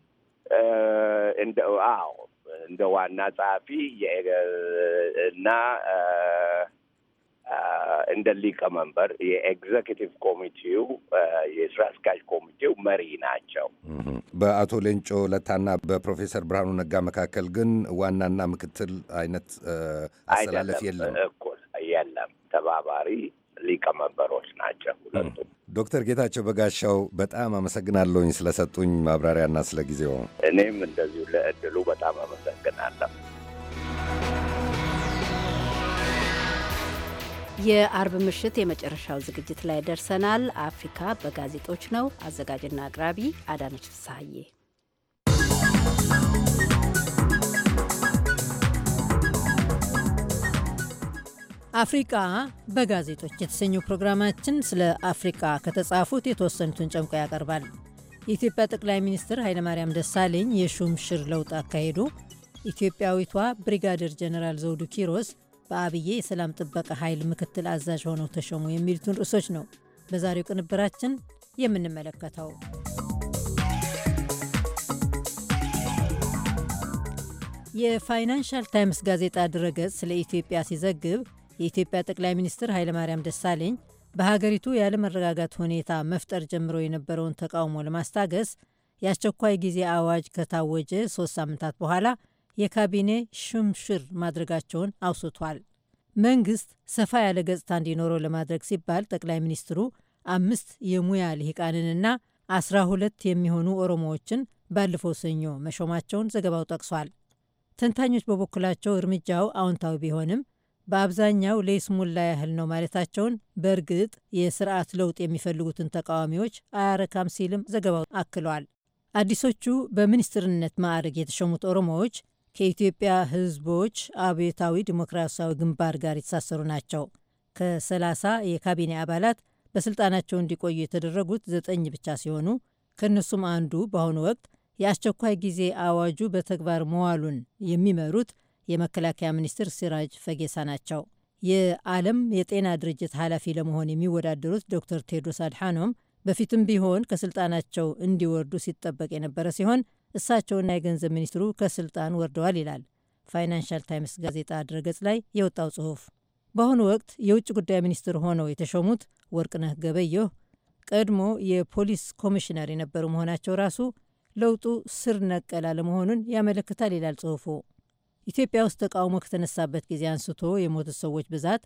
አዎ እንደ ዋና ጸሐፊ እና እንደ ሊቀመንበር የኤግዘኪቲቭ ኮሚቴው የስራ አስኪያጅ ኮሚቴው መሪ ናቸው። በአቶ ሌንጮ ለታና በፕሮፌሰር ብርሃኑ ነጋ መካከል ግን ዋናና ምክትል አይነት አሰላለፍ የለም። እኩል የለም። ተባባሪ ሊቀመንበሮች ናቸው ሁለቱም። ዶክተር ጌታቸው በጋሻው በጣም አመሰግናለሁኝ ስለሰጡኝ ማብራሪያና ስለ ጊዜው። እኔም እንደዚሁ ለእድሉ በጣም አመሰግናለሁ። የአርብ ምሽት የመጨረሻው ዝግጅት ላይ ደርሰናል። አፍሪካ በጋዜጦች ነው። አዘጋጅና አቅራቢ አዳነች ፍስሐዬ አፍሪቃ በጋዜጦች የተሰኘው ፕሮግራማችን ስለ አፍሪቃ ከተጻፉት የተወሰኑትን ጨምቆ ያቀርባል። የኢትዮጵያ ጠቅላይ ሚኒስትር ኃይለማርያም ደሳለኝ ሽር ለውጥ አካሄዱ፣ ኢትዮጵያዊቷ ብሪጋዴር ጀነራል ዘውዱ ኪሮስ በአብዬ የሰላም ጥበቃ ኃይል ምክትል አዛዥ ሆነው ተሾሙ የሚሉትን ርዕሶች ነው በዛሬው ቅንብራችን የምንመለከተው። የፋይናንሻል ታይምስ ጋዜጣ ድረገጽ ስለ ኢትዮጵያ ሲዘግብ የኢትዮጵያ ጠቅላይ ሚኒስትር ኃይለማርያም ደሳለኝ በሀገሪቱ ያለመረጋጋት ሁኔታ መፍጠር ጀምሮ የነበረውን ተቃውሞ ለማስታገስ የአስቸኳይ ጊዜ አዋጅ ከታወጀ ሶስት ሳምንታት በኋላ የካቢኔ ሹምሽር ማድረጋቸውን አውስቷል። መንግስት ሰፋ ያለ ገጽታ እንዲኖረው ለማድረግ ሲባል ጠቅላይ ሚኒስትሩ አምስት የሙያ ልሂቃንንና አስራ ሁለት የሚሆኑ ኦሮሞዎችን ባለፈው ሰኞ መሾማቸውን ዘገባው ጠቅሷል። ተንታኞች በበኩላቸው እርምጃው አዎንታዊ ቢሆንም በአብዛኛው ለይስሙላ ያህል ነው ማለታቸውን በእርግጥ የስርዓት ለውጥ የሚፈልጉትን ተቃዋሚዎች አያረካም ሲልም ዘገባው አክሏል። አዲሶቹ በሚኒስትርነት ማዕረግ የተሾሙት ኦሮሞዎች ከኢትዮጵያ ሕዝቦች አብዮታዊ ዲሞክራሲያዊ ግንባር ጋር የተሳሰሩ ናቸው። ከ30 የካቢኔ አባላት በስልጣናቸው እንዲቆዩ የተደረጉት ዘጠኝ ብቻ ሲሆኑ ከእነሱም አንዱ በአሁኑ ወቅት የአስቸኳይ ጊዜ አዋጁ በተግባር መዋሉን የሚመሩት የመከላከያ ሚኒስትር ሲራጅ ፈጌሳ ናቸው። የዓለም የጤና ድርጅት ኃላፊ ለመሆን የሚወዳደሩት ዶክተር ቴድሮስ አድሓኖም በፊትም ቢሆን ከስልጣናቸው እንዲወርዱ ሲጠበቅ የነበረ ሲሆን እሳቸውና የገንዘብ ሚኒስትሩ ከስልጣን ወርደዋል ይላል ፋይናንሻል ታይምስ ጋዜጣ ድረገጽ ላይ የወጣው ጽሑፍ። በአሁኑ ወቅት የውጭ ጉዳይ ሚኒስትር ሆነው የተሾሙት ወርቅነህ ገበየሁ ቀድሞ የፖሊስ ኮሚሽነር የነበሩ መሆናቸው ራሱ ለውጡ ስር ነቀል አለመሆኑን ያመለክታል ይላል ጽሑፉ። ኢትዮጵያ ውስጥ ተቃውሞ ከተነሳበት ጊዜ አንስቶ የሞቱት ሰዎች ብዛት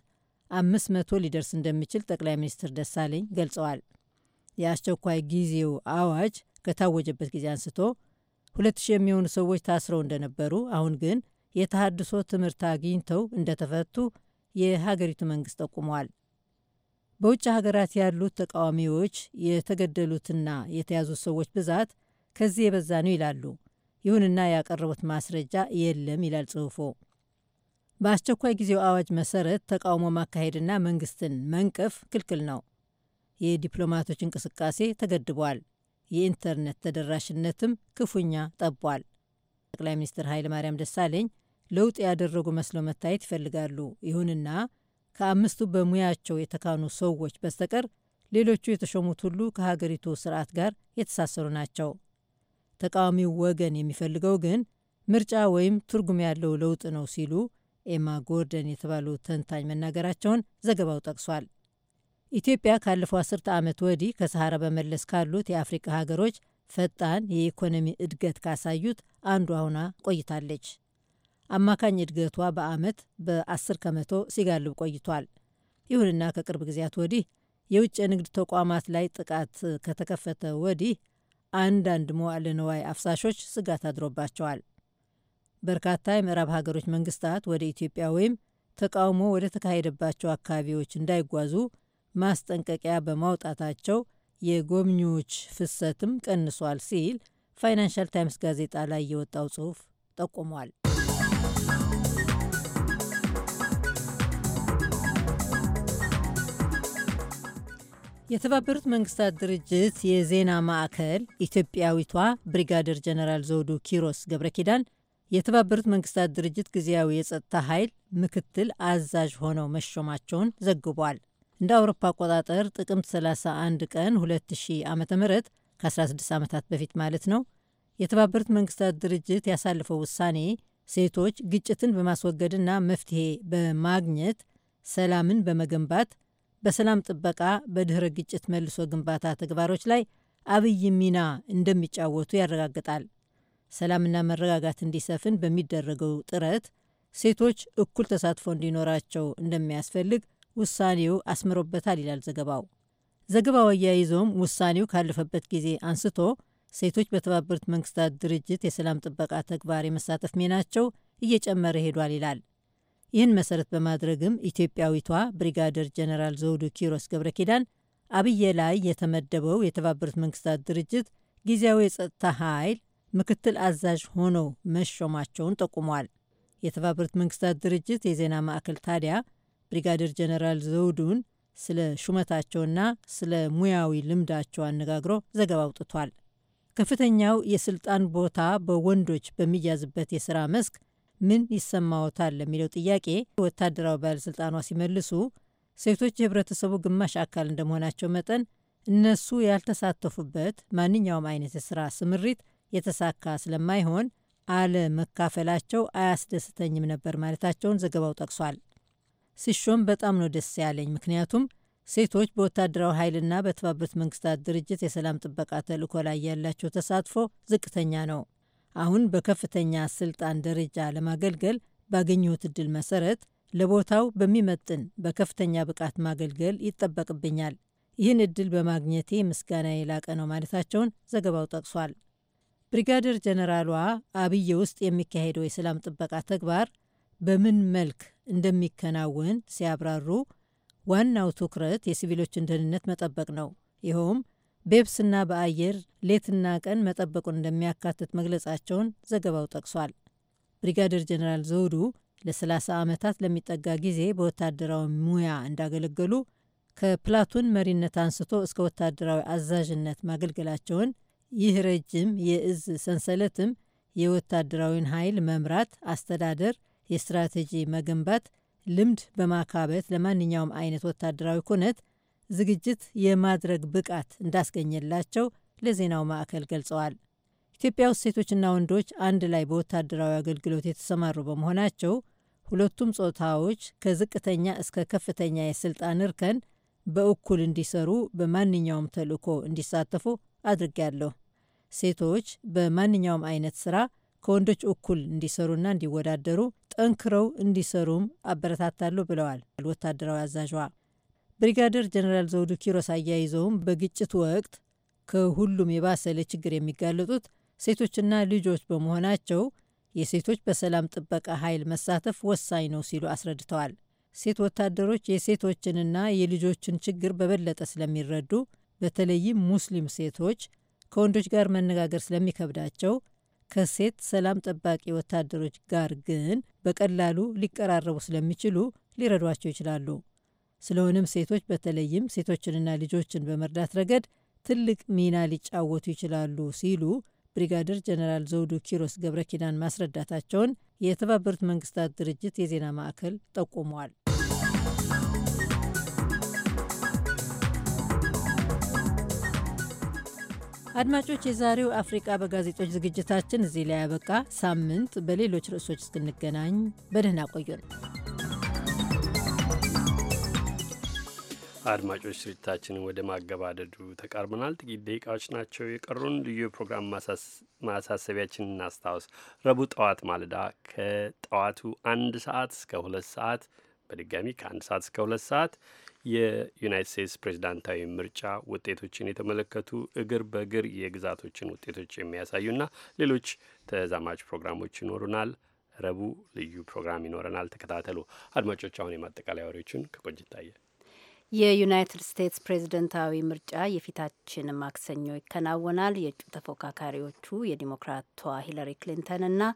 አምስት መቶ ሊደርስ እንደሚችል ጠቅላይ ሚኒስትር ደሳለኝ ገልጸዋል። የአስቸኳይ ጊዜው አዋጅ ከታወጀበት ጊዜ አንስቶ ሁለት ሺህ የሚሆኑ ሰዎች ታስረው እንደነበሩ፣ አሁን ግን የተሃድሶ ትምህርት አግኝተው እንደተፈቱ የሀገሪቱ መንግስት ጠቁመዋል። በውጭ ሀገራት ያሉት ተቃዋሚዎች የተገደሉትና የተያዙት ሰዎች ብዛት ከዚህ የበዛ ነው ይላሉ ይሁንና ያቀረቡት ማስረጃ የለም ይላል ጽሑፉ። በአስቸኳይ ጊዜው አዋጅ መሰረት ተቃውሞ ማካሄድና መንግስትን መንቀፍ ክልክል ነው። የዲፕሎማቶች እንቅስቃሴ ተገድቧል። የኢንተርኔት ተደራሽነትም ክፉኛ ጠቧል። ጠቅላይ ሚኒስትር ኃይለ ማርያም ደሳለኝ ለውጥ ያደረጉ መስሎ መታየት ይፈልጋሉ። ይሁንና ከአምስቱ በሙያቸው የተካኑ ሰዎች በስተቀር ሌሎቹ የተሾሙት ሁሉ ከሀገሪቱ ስርዓት ጋር የተሳሰሩ ናቸው። ተቃዋሚው ወገን የሚፈልገው ግን ምርጫ ወይም ትርጉም ያለው ለውጥ ነው ሲሉ ኤማ ጎርደን የተባሉ ተንታኝ መናገራቸውን ዘገባው ጠቅሷል። ኢትዮጵያ ካለፈው አስርተ ዓመት ወዲህ ከሰሐራ በመለስ ካሉት የአፍሪቃ ሀገሮች ፈጣን የኢኮኖሚ እድገት ካሳዩት አንዷ ሆና ቆይታለች። አማካኝ እድገቷ በዓመት በ10 ከመቶ ሲጋልብ ቆይቷል። ይሁንና ከቅርብ ጊዜያት ወዲህ የውጭ የንግድ ተቋማት ላይ ጥቃት ከተከፈተ ወዲህ አንዳንድ መዋዕለ ንዋይ አፍሳሾች ስጋት አድሮባቸዋል። በርካታ የምዕራብ ሀገሮች መንግስታት ወደ ኢትዮጵያ ወይም ተቃውሞ ወደ ተካሄደባቸው አካባቢዎች እንዳይጓዙ ማስጠንቀቂያ በማውጣታቸው የጎብኚዎች ፍሰትም ቀንሷል ሲል ፋይናንሻል ታይምስ ጋዜጣ ላይ የወጣው ጽሑፍ ጠቁሟል። የተባበሩት መንግስታት ድርጅት የዜና ማዕከል ኢትዮጵያዊቷ ብሪጋደር ጀነራል ዘውዱ ኪሮስ ገብረ ኪዳን የተባበሩት መንግስታት ድርጅት ጊዜያዊ የጸጥታ ኃይል ምክትል አዛዥ ሆነው መሾማቸውን ዘግቧል። እንደ አውሮፓ አቆጣጠር ጥቅምት 31 ቀን 2000 ዓ ም ከ16 ዓመታት በፊት ማለት ነው። የተባበሩት መንግስታት ድርጅት ያሳለፈው ውሳኔ ሴቶች ግጭትን በማስወገድና መፍትሄ በማግኘት ሰላምን በመገንባት በሰላም ጥበቃ፣ በድህረ ግጭት መልሶ ግንባታ ተግባሮች ላይ አብይ ሚና እንደሚጫወቱ ያረጋግጣል። ሰላምና መረጋጋት እንዲሰፍን በሚደረገው ጥረት ሴቶች እኩል ተሳትፎ እንዲኖራቸው እንደሚያስፈልግ ውሳኔው አስምሮበታል ይላል ዘገባው። ዘገባው አያይዞም ውሳኔው ካለፈበት ጊዜ አንስቶ ሴቶች በተባበሩት መንግስታት ድርጅት የሰላም ጥበቃ ተግባር የመሳተፍ ሚናቸው እየጨመረ ሄዷል ይላል። ይህን መሰረት በማድረግም ኢትዮጵያዊቷ ብሪጋደር ጀነራል ዘውዱ ኪሮስ ገብረ ኪዳን አብዬ ላይ የተመደበው የተባበሩት መንግስታት ድርጅት ጊዜያዊ የጸጥታ ኃይል ምክትል አዛዥ ሆነው መሾማቸውን ጠቁሟል። የተባበሩት መንግስታት ድርጅት የዜና ማዕከል ታዲያ ብሪጋዴር ጀነራል ዘውዱን ስለ ሹመታቸውና ስለ ሙያዊ ልምዳቸው አነጋግሮ ዘገባ አውጥቷል። ከፍተኛው የስልጣን ቦታ በወንዶች በሚያዝበት የሥራ መስክ ምን ይሰማዎታል ለሚለው ጥያቄ ወታደራዊ ባለሥልጣኗ ሲመልሱ ሴቶች የህብረተሰቡ ግማሽ አካል እንደመሆናቸው መጠን እነሱ ያልተሳተፉበት ማንኛውም አይነት የስራ ስምሪት የተሳካ ስለማይሆን አለመካፈላቸው አያስደስተኝም ነበር ማለታቸውን ዘገባው ጠቅሷል። ሲሾም በጣም ነው ደስ ያለኝ፣ ምክንያቱም ሴቶች በወታደራዊ ኃይልና በተባበሩት መንግስታት ድርጅት የሰላም ጥበቃ ተልእኮ ላይ ያላቸው ተሳትፎ ዝቅተኛ ነው። አሁን በከፍተኛ ስልጣን ደረጃ ለማገልገል ባገኘሁት እድል መሰረት ለቦታው በሚመጥን በከፍተኛ ብቃት ማገልገል ይጠበቅብኛል። ይህን እድል በማግኘቴ ምስጋና የላቀ ነው ማለታቸውን ዘገባው ጠቅሷል። ብሪጋደር ጀነራሏ አብዬ ውስጥ የሚካሄደው የሰላም ጥበቃ ተግባር በምን መልክ እንደሚከናወን ሲያብራሩ ዋናው ትኩረት የሲቪሎችን ደህንነት መጠበቅ ነው። ይኸውም በየብስና በአየር ሌትና ቀን መጠበቁን እንደሚያካትት መግለጻቸውን ዘገባው ጠቅሷል። ብሪጋደር ጀኔራል ዘውዱ ለ30 ዓመታት ለሚጠጋ ጊዜ በወታደራዊ ሙያ እንዳገለገሉ ከፕላቱን መሪነት አንስቶ እስከ ወታደራዊ አዛዥነት ማገልገላቸውን ይህ ረጅም የእዝ ሰንሰለትም የወታደራዊን ኃይል መምራት፣ አስተዳደር፣ የስትራቴጂ መገንባት ልምድ በማካበት ለማንኛውም አይነት ወታደራዊ ኩነት ዝግጅት የማድረግ ብቃት እንዳስገኘላቸው ለዜናው ማዕከል ገልጸዋል። ኢትዮጵያ ውስጥ ሴቶችና ወንዶች አንድ ላይ በወታደራዊ አገልግሎት የተሰማሩ በመሆናቸው ሁለቱም ጾታዎች ከዝቅተኛ እስከ ከፍተኛ የስልጣን እርከን በእኩል እንዲሰሩ በማንኛውም ተልእኮ እንዲሳተፉ አድርጊያለሁ። ሴቶች በማንኛውም አይነት ስራ ከወንዶች እኩል እንዲሰሩና እንዲወዳደሩ ጠንክረው እንዲሰሩም አበረታታለሁ ብለዋል ወታደራዊ አዛዧ። ብሪጋደር ጀነራል ዘውዱ ኪሮስ አያይዘውም በግጭት ወቅት ከሁሉም የባሰ ለችግር የሚጋለጡት ሴቶችና ልጆች በመሆናቸው የሴቶች በሰላም ጥበቃ ኃይል መሳተፍ ወሳኝ ነው ሲሉ አስረድተዋል። ሴት ወታደሮች የሴቶችንና የልጆችን ችግር በበለጠ ስለሚረዱ በተለይም ሙስሊም ሴቶች ከወንዶች ጋር መነጋገር ስለሚከብዳቸው ከሴት ሰላም ጠባቂ ወታደሮች ጋር ግን በቀላሉ ሊቀራረቡ ስለሚችሉ ሊረዷቸው ይችላሉ። ስለሆነም ሴቶች በተለይም ሴቶችንና ልጆችን በመርዳት ረገድ ትልቅ ሚና ሊጫወቱ ይችላሉ ሲሉ ብሪጋዴር ጀነራል ዘውዱ ኪሮስ ገብረ ኪዳን ማስረዳታቸውን የተባበሩት መንግስታት ድርጅት የዜና ማዕከል ጠቁሟል። አድማጮች፣ የዛሬው አፍሪቃ በጋዜጦች ዝግጅታችን እዚህ ላይ ያበቃ። ሳምንት በሌሎች ርዕሶች እስክንገናኝ በደህና ቆዩን። አድማጮች ስርጭታችንን ወደ ማገባደዱ ተቃርበናል። ጥቂት ደቂቃዎች ናቸው የቀሩን። ልዩ የፕሮግራም ማሳሰቢያችን እናስታውስ። ረቡዕ ጠዋት ማለዳ ከጠዋቱ አንድ ሰዓት እስከ ሁለት ሰዓት በድጋሚ ከአንድ ሰዓት እስከ ሁለት ሰዓት የዩናይት ስቴትስ ፕሬዚዳንታዊ ምርጫ ውጤቶችን የተመለከቱ እግር በእግር የግዛቶችን ውጤቶች የሚያሳዩና ሌሎች ተዛማች ፕሮግራሞች ይኖሩናል። ረቡዕ ልዩ ፕሮግራም ይኖረናል። ተከታተሉ አድማጮች። አሁን የማጠቃለያ ወሬዎችን ከቆንጅት ይታያል የዩናይትድ ስቴትስ ፕሬዝደንታዊ ምርጫ የፊታችን ማክሰኞ ይከናወናል። የእጩ ተፎካካሪዎቹ የዲሞክራቷ ሂለሪ ና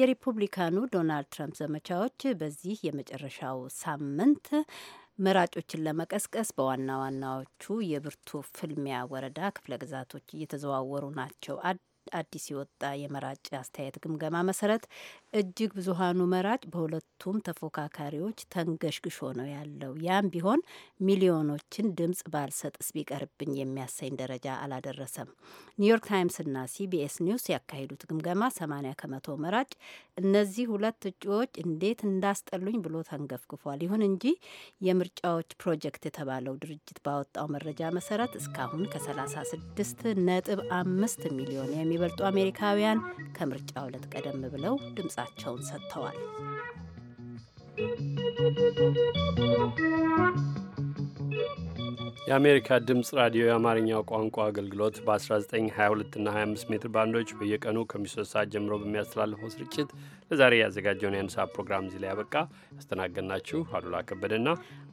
የሪፑብሊካኑ ዶናልድ ትራምፕ ዘመቻዎች በዚህ የመጨረሻው ሳምንት መራጮችን ለመቀስቀስ በዋና ዋናዎቹ የብርቱ ፍልሚያ ወረዳ ክፍለ ግዛቶች እየተዘዋወሩ ናቸው። አዲስ የወጣ የመራጭ አስተያየት ግምገማ መሰረት እጅግ ብዙሃኑ መራጭ በሁለቱም ተፎካካሪዎች ተንገሽግሾ ነው ያለው። ያም ቢሆን ሚሊዮኖችን ድምጽ ባልሰጥስ ቢቀርብኝ የሚያሰኝ ደረጃ አላደረሰም። ኒውዮርክ ታይምስና ሲቢኤስ ኒውስ ያካሄዱት ግምገማ 80 ከመቶ መራጭ እነዚህ ሁለት እጩዎች እንዴት እንዳስጠሉኝ ብሎ ተንገፍግፏል። ይሁን እንጂ የምርጫዎች ፕሮጀክት የተባለው ድርጅት ባወጣው መረጃ መሰረት እስካሁን ከ36 ነጥብ አምስት ሚሊዮን የሚበልጡ አሜሪካውያን ከምርጫ ሁለት ቀደም ብለው ድምጽ አስተያየታቸውን ሰጥተዋል። የአሜሪካ ድምፅ ራዲዮ የአማርኛው ቋንቋ አገልግሎት በ1922 እና 25 ሜትር ባንዶች በየቀኑ ከሚ ሰዓት ጀምሮ በሚያስተላልፈው ስርጭት ለዛሬ ያዘጋጀውን የአንድ ሰዓት ፕሮግራም እዚህ ላይ ያበቃ። ያስተናገድናችሁ አሉላ ከበደና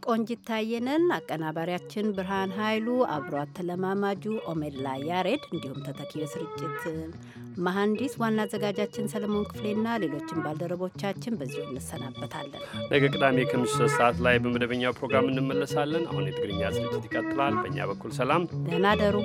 ቆንጂት ታየ አቀናባሪያችን ብርሃን ኃይሉ አብሯት ተለማማጁ ኦሜላ ያሬድ፣ እንዲሁም ተተኪ ስርጭት መሐንዲስ ዋና አዘጋጃችን ሰለሞን ክፍሌና ሌሎችን ባልደረቦቻችን በዚሁ እንሰናበታለን። ነገ ቅዳሜ ከምሽቱ ሰዓት ላይ በመደበኛው ፕሮግራም እንመለሳለን። አሁን የትግርኛ ስርጭት ይቀጥላል። በእኛ በኩል ሰላም፣ ደህና ደሩ።